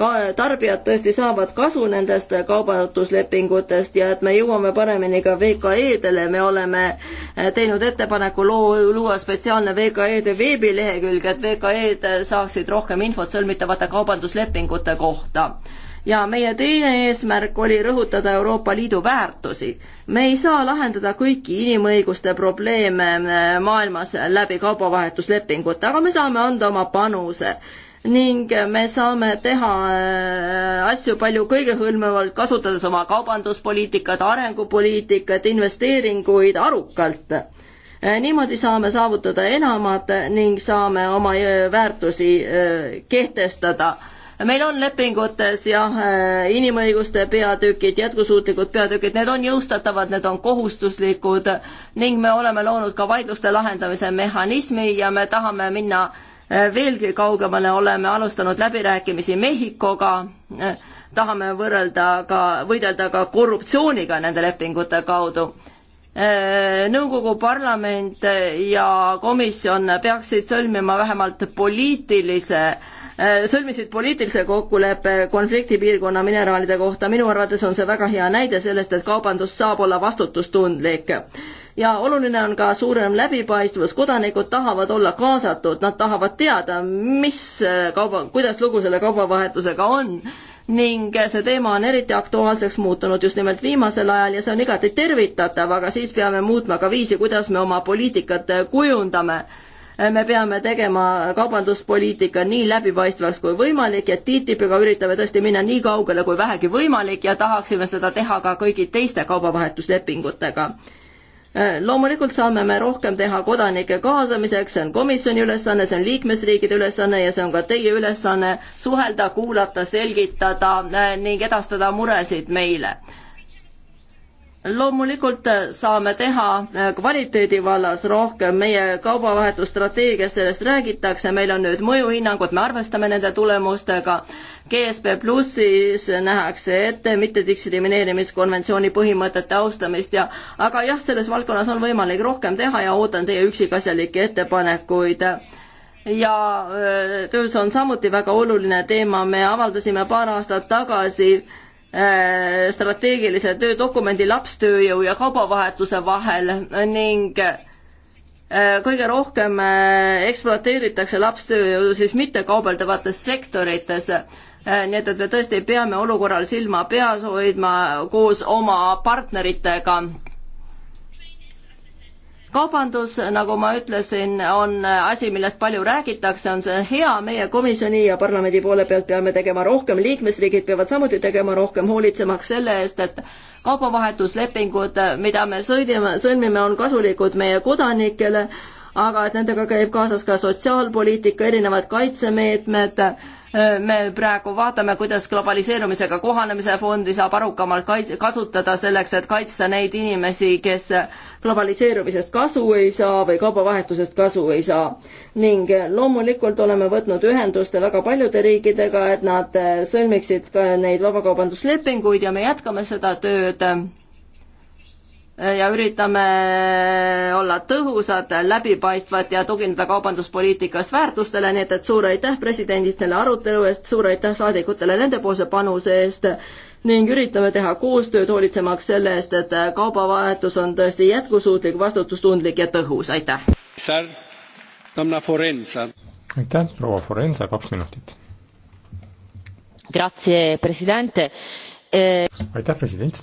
ka tarbijad tõesti saavad kasu nendest kaubanduslepingutest ja et me jõuame paremini ka VKE-dele, me oleme äh, teinud ettepaneku loo, luua spetsiaalne VKE-de veebilehekülg, et VKE-d saaksid rohkem infot sõlmitavate kaubanduslepingute kohta ja meie teine eesmärk oli rõhutada Euroopa Liidu väärtusi. me ei saa lahendada kõiki inimõiguste probleeme äh, maailmas läbi kaubavahetuslepingute, aga me saame anda oma panuse ning me saame teha äh, asju palju kõigehõlmavalt, kasutades oma kaubanduspoliitikat, arengupoliitikat, investeeringuid arukalt. Äh, niimoodi saame saavutada enamat ning saame oma väärtusi kehtestada meil on lepingutes jah, äh, inimõiguste peatükid, jätkusuutlikud peatükid, need on jõustatavad, need on kohustuslikud ning me oleme loonud ka vaidluste lahendamise mehhanismi ja me tahame minna äh, veelgi kaugemale, oleme alustanud läbirääkimisi Mehhikoga, äh, tahame võrrelda ka, võidelda ka korruptsiooniga nende lepingute kaudu nõukogu parlament ja komisjon peaksid sõlmima vähemalt poliitilise Äh, sõlmisid poliitilise kokkuleppe konfliktipiirkonna mineraalide kohta, minu arvates on see väga hea näide sellest, et kaubandus saab olla vastutustundlik. ja oluline on ka suurem läbipaistvus, kodanikud tahavad olla kaasatud, nad tahavad teada, mis äh, kauba, kuidas lugu selle kaubavahetusega on ning äh, see teema on eriti aktuaalseks muutunud just nimelt viimasel ajal ja see on igati tervitatav, aga siis peame muutma ka viisi, kuidas me oma poliitikat kujundame me peame tegema kaubanduspoliitika nii läbipaistvaks kui võimalik ja TTIP-iga üritame tõesti minna nii kaugele kui vähegi võimalik ja tahaksime seda teha ka kõigi teiste kaubavahetuslepingutega loomulikult saame me rohkem teha kodanike kaasamiseks, see on komisjoni ülesanne, see on liikmesriikide ülesanne ja see on ka teie ülesanne suhelda, kuulata, selgitada eh, ning edastada muresid meile loomulikult äh, saame teha äh, kvaliteedi vallas rohkem, meie kaubavahetusstrateegias sellest räägitakse, meil on nüüd mõjuhinnangud, me arvestame nende tulemustega. GSP Plussis nähakse ette mittediskrimineerimiskonventsiooni põhimõtete austamist ja aga jah, selles valdkonnas on võimalik rohkem teha ja ootan teie üksikasjalikke ettepanekuid ja äh, töös on samuti väga oluline teema, me avaldasime paar aastat tagasi Äh, strateegilise töödokumendi lapstööjõu ja kaubavahetuse vahel ning äh, kõige rohkem äh, ekspluateeritakse lapstööjõudu siis mittekaubeldavates sektorites nii et, et me tõesti peame olukorral silma peas hoidma koos oma partneritega kaubandus, nagu ma ütlesin, on asi, millest palju räägitakse, on see hea, meie komisjoni ja parlamendi poole pealt peame tegema rohkem, liikmesriigid peavad samuti tegema rohkem, hoolitsemaks selle eest, et kaubavahetuslepingud, mida me sõidime, sõlmime, on kasulikud meie kodanikele aga et nendega käib kaasas ka sotsiaalpoliitika, erinevad kaitsemeetmed, me praegu vaatame, kuidas globaliseerumisega kohanemise fondi saab arukamalt kaits-, kasutada selleks, et kaitsta neid inimesi, kes globaliseerumisest kasu ei saa või kaubavahetusest kasu ei saa. ning loomulikult oleme võtnud ühendust väga paljude riikidega, et nad sõlmiksid ka neid vabakaubanduslepinguid ja me jätkame seda tööd ja üritame olla tõhusad, läbipaistvad ja tugineda kaubanduspoliitikas väärtustele, nii et, et suur aitäh presidendid selle arutelu eest, suur aitäh saadikutele nendepoolse panuse eest ning üritame teha koostööd, hoolitsemaks selle eest, et kaubavahetus on tõesti jätkusuutlik, vastutustundlik ja tõhus, aitäh! aitäh, proua Forenza, kaks minutit. Eh, aitäh, president!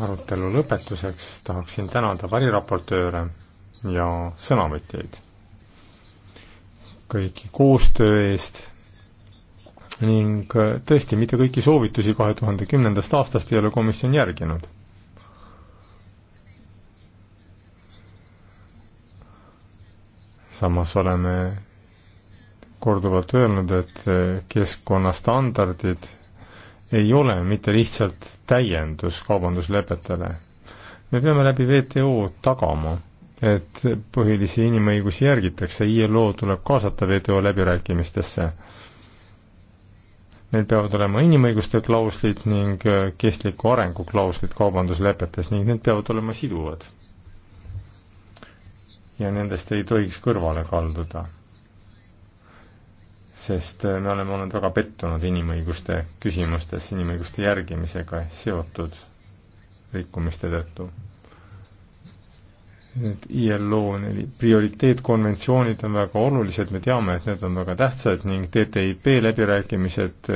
arutelu lõpetuseks tahaksin tänada variraportööre ja sõnavõtjaid kõigi koostöö eest ning tõesti, mitte kõiki soovitusi kahe tuhande kümnendast aastast ei ole komisjon järginud. samas oleme korduvalt öelnud, et keskkonnastandardid ei ole mitte lihtsalt täiendus kaubanduslepetele. me peame läbi WTO tagama, et põhilisi inimõigusi järgitakse, ILO tuleb kaasata WTO läbirääkimistesse. Need peavad olema inimõiguste klauslid ning äh, kestliku arengu klauslid kaubanduslepetes ning need peavad olema siduvad. ja nendest ei tohiks kõrvale kalduda sest me oleme olnud väga pettunud inimõiguste küsimustes, inimõiguste järgimisega seotud rikkumiste tõttu. Need ILO neli prioriteetkonventsioonid on väga olulised, me teame, et need on väga tähtsad ning TTIP läbirääkimised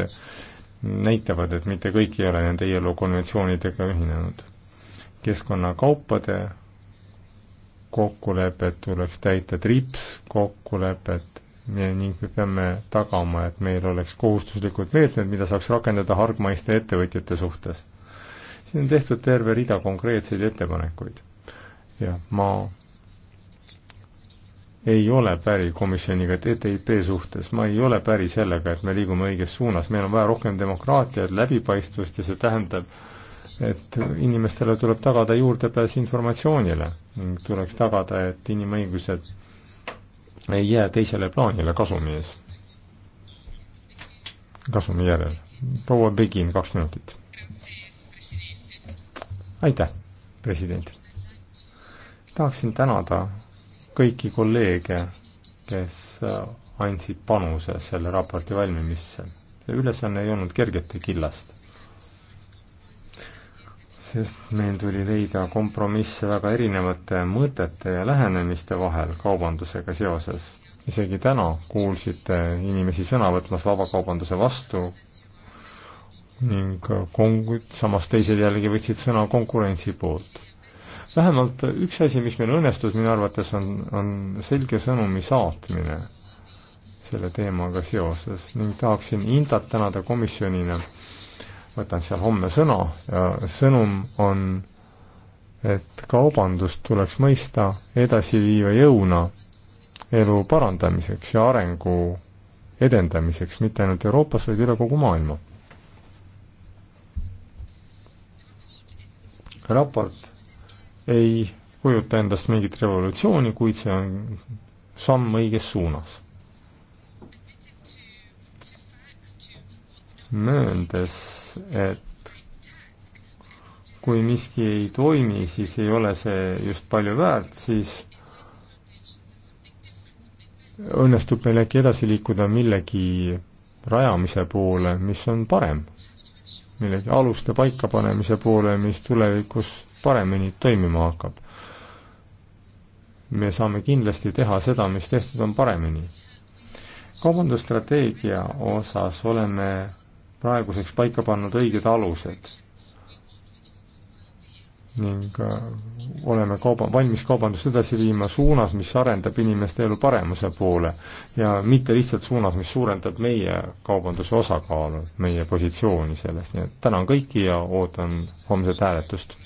näitavad, et mitte kõik ei ole nende ILO konventsioonidega ühinenud. keskkonnakaupade kokkulepet tuleks täita, TRIPS kokkulepet ning me peame tagama, et meil oleks kohustuslikud meetmed, mida saaks rakendada hargmaiste ettevõtjate suhtes. siin on tehtud terve rida konkreetseid ettepanekuid ja ma ei ole päri komisjoniga TTIP suhtes, ma ei ole päri sellega, et me liigume õiges suunas, meil on vaja rohkem demokraatiat, läbipaistvust ja see tähendab, et inimestele tuleb tagada juurdepääs informatsioonile ning tuleks tagada, et inimõigused ei jää teisele plaanile kasumi ees, kasumi järel. proua Begin, kaks minutit. aitäh, president. tahaksin tänada kõiki kolleege, kes andsid panuse selle raporti valmimisse. see ülesanne ei olnud kergete killast sest meil tuli leida kompromisse väga erinevate mõtete ja lähenemiste vahel kaubandusega seoses. isegi täna kuulsite inimesi sõna võtmas vabakaubanduse vastu ning kong-, samas teised jällegi võtsid sõna konkurentsi poolt. vähemalt üks asi, mis meil õnnestus minu arvates, on, on selge sõnumi saatmine selle teemaga seoses ning tahaksin Intat tänada komisjonina võtan seal homme sõna ja sõnum on, et kaubandust tuleks mõista edasiviiva jõuna elu parandamiseks ja arengu edendamiseks mitte ainult Euroopas, vaid üle kogu maailma. raport ei kujuta endast mingit revolutsiooni, kuid see on samm õiges suunas. mööndes et kui miski ei toimi, siis ei ole see just palju väärt, siis õnnestub meil äkki edasi liikuda millegi rajamise poole, mis on parem. millegi aluste paikapanemise poole, mis tulevikus paremini toimima hakkab. me saame kindlasti teha seda, mis tehtud on paremini. kaubandusstrateegia osas oleme praeguseks paika pannud õiged alused ning äh, oleme kauba, valmis kaubandust edasi viima suunas, mis arendab inimeste elu paremuse poole ja mitte lihtsalt suunas, mis suurendab meie kaubanduse osakaalu, meie positsiooni selles, nii et tänan kõiki ja ootan homset hääletust.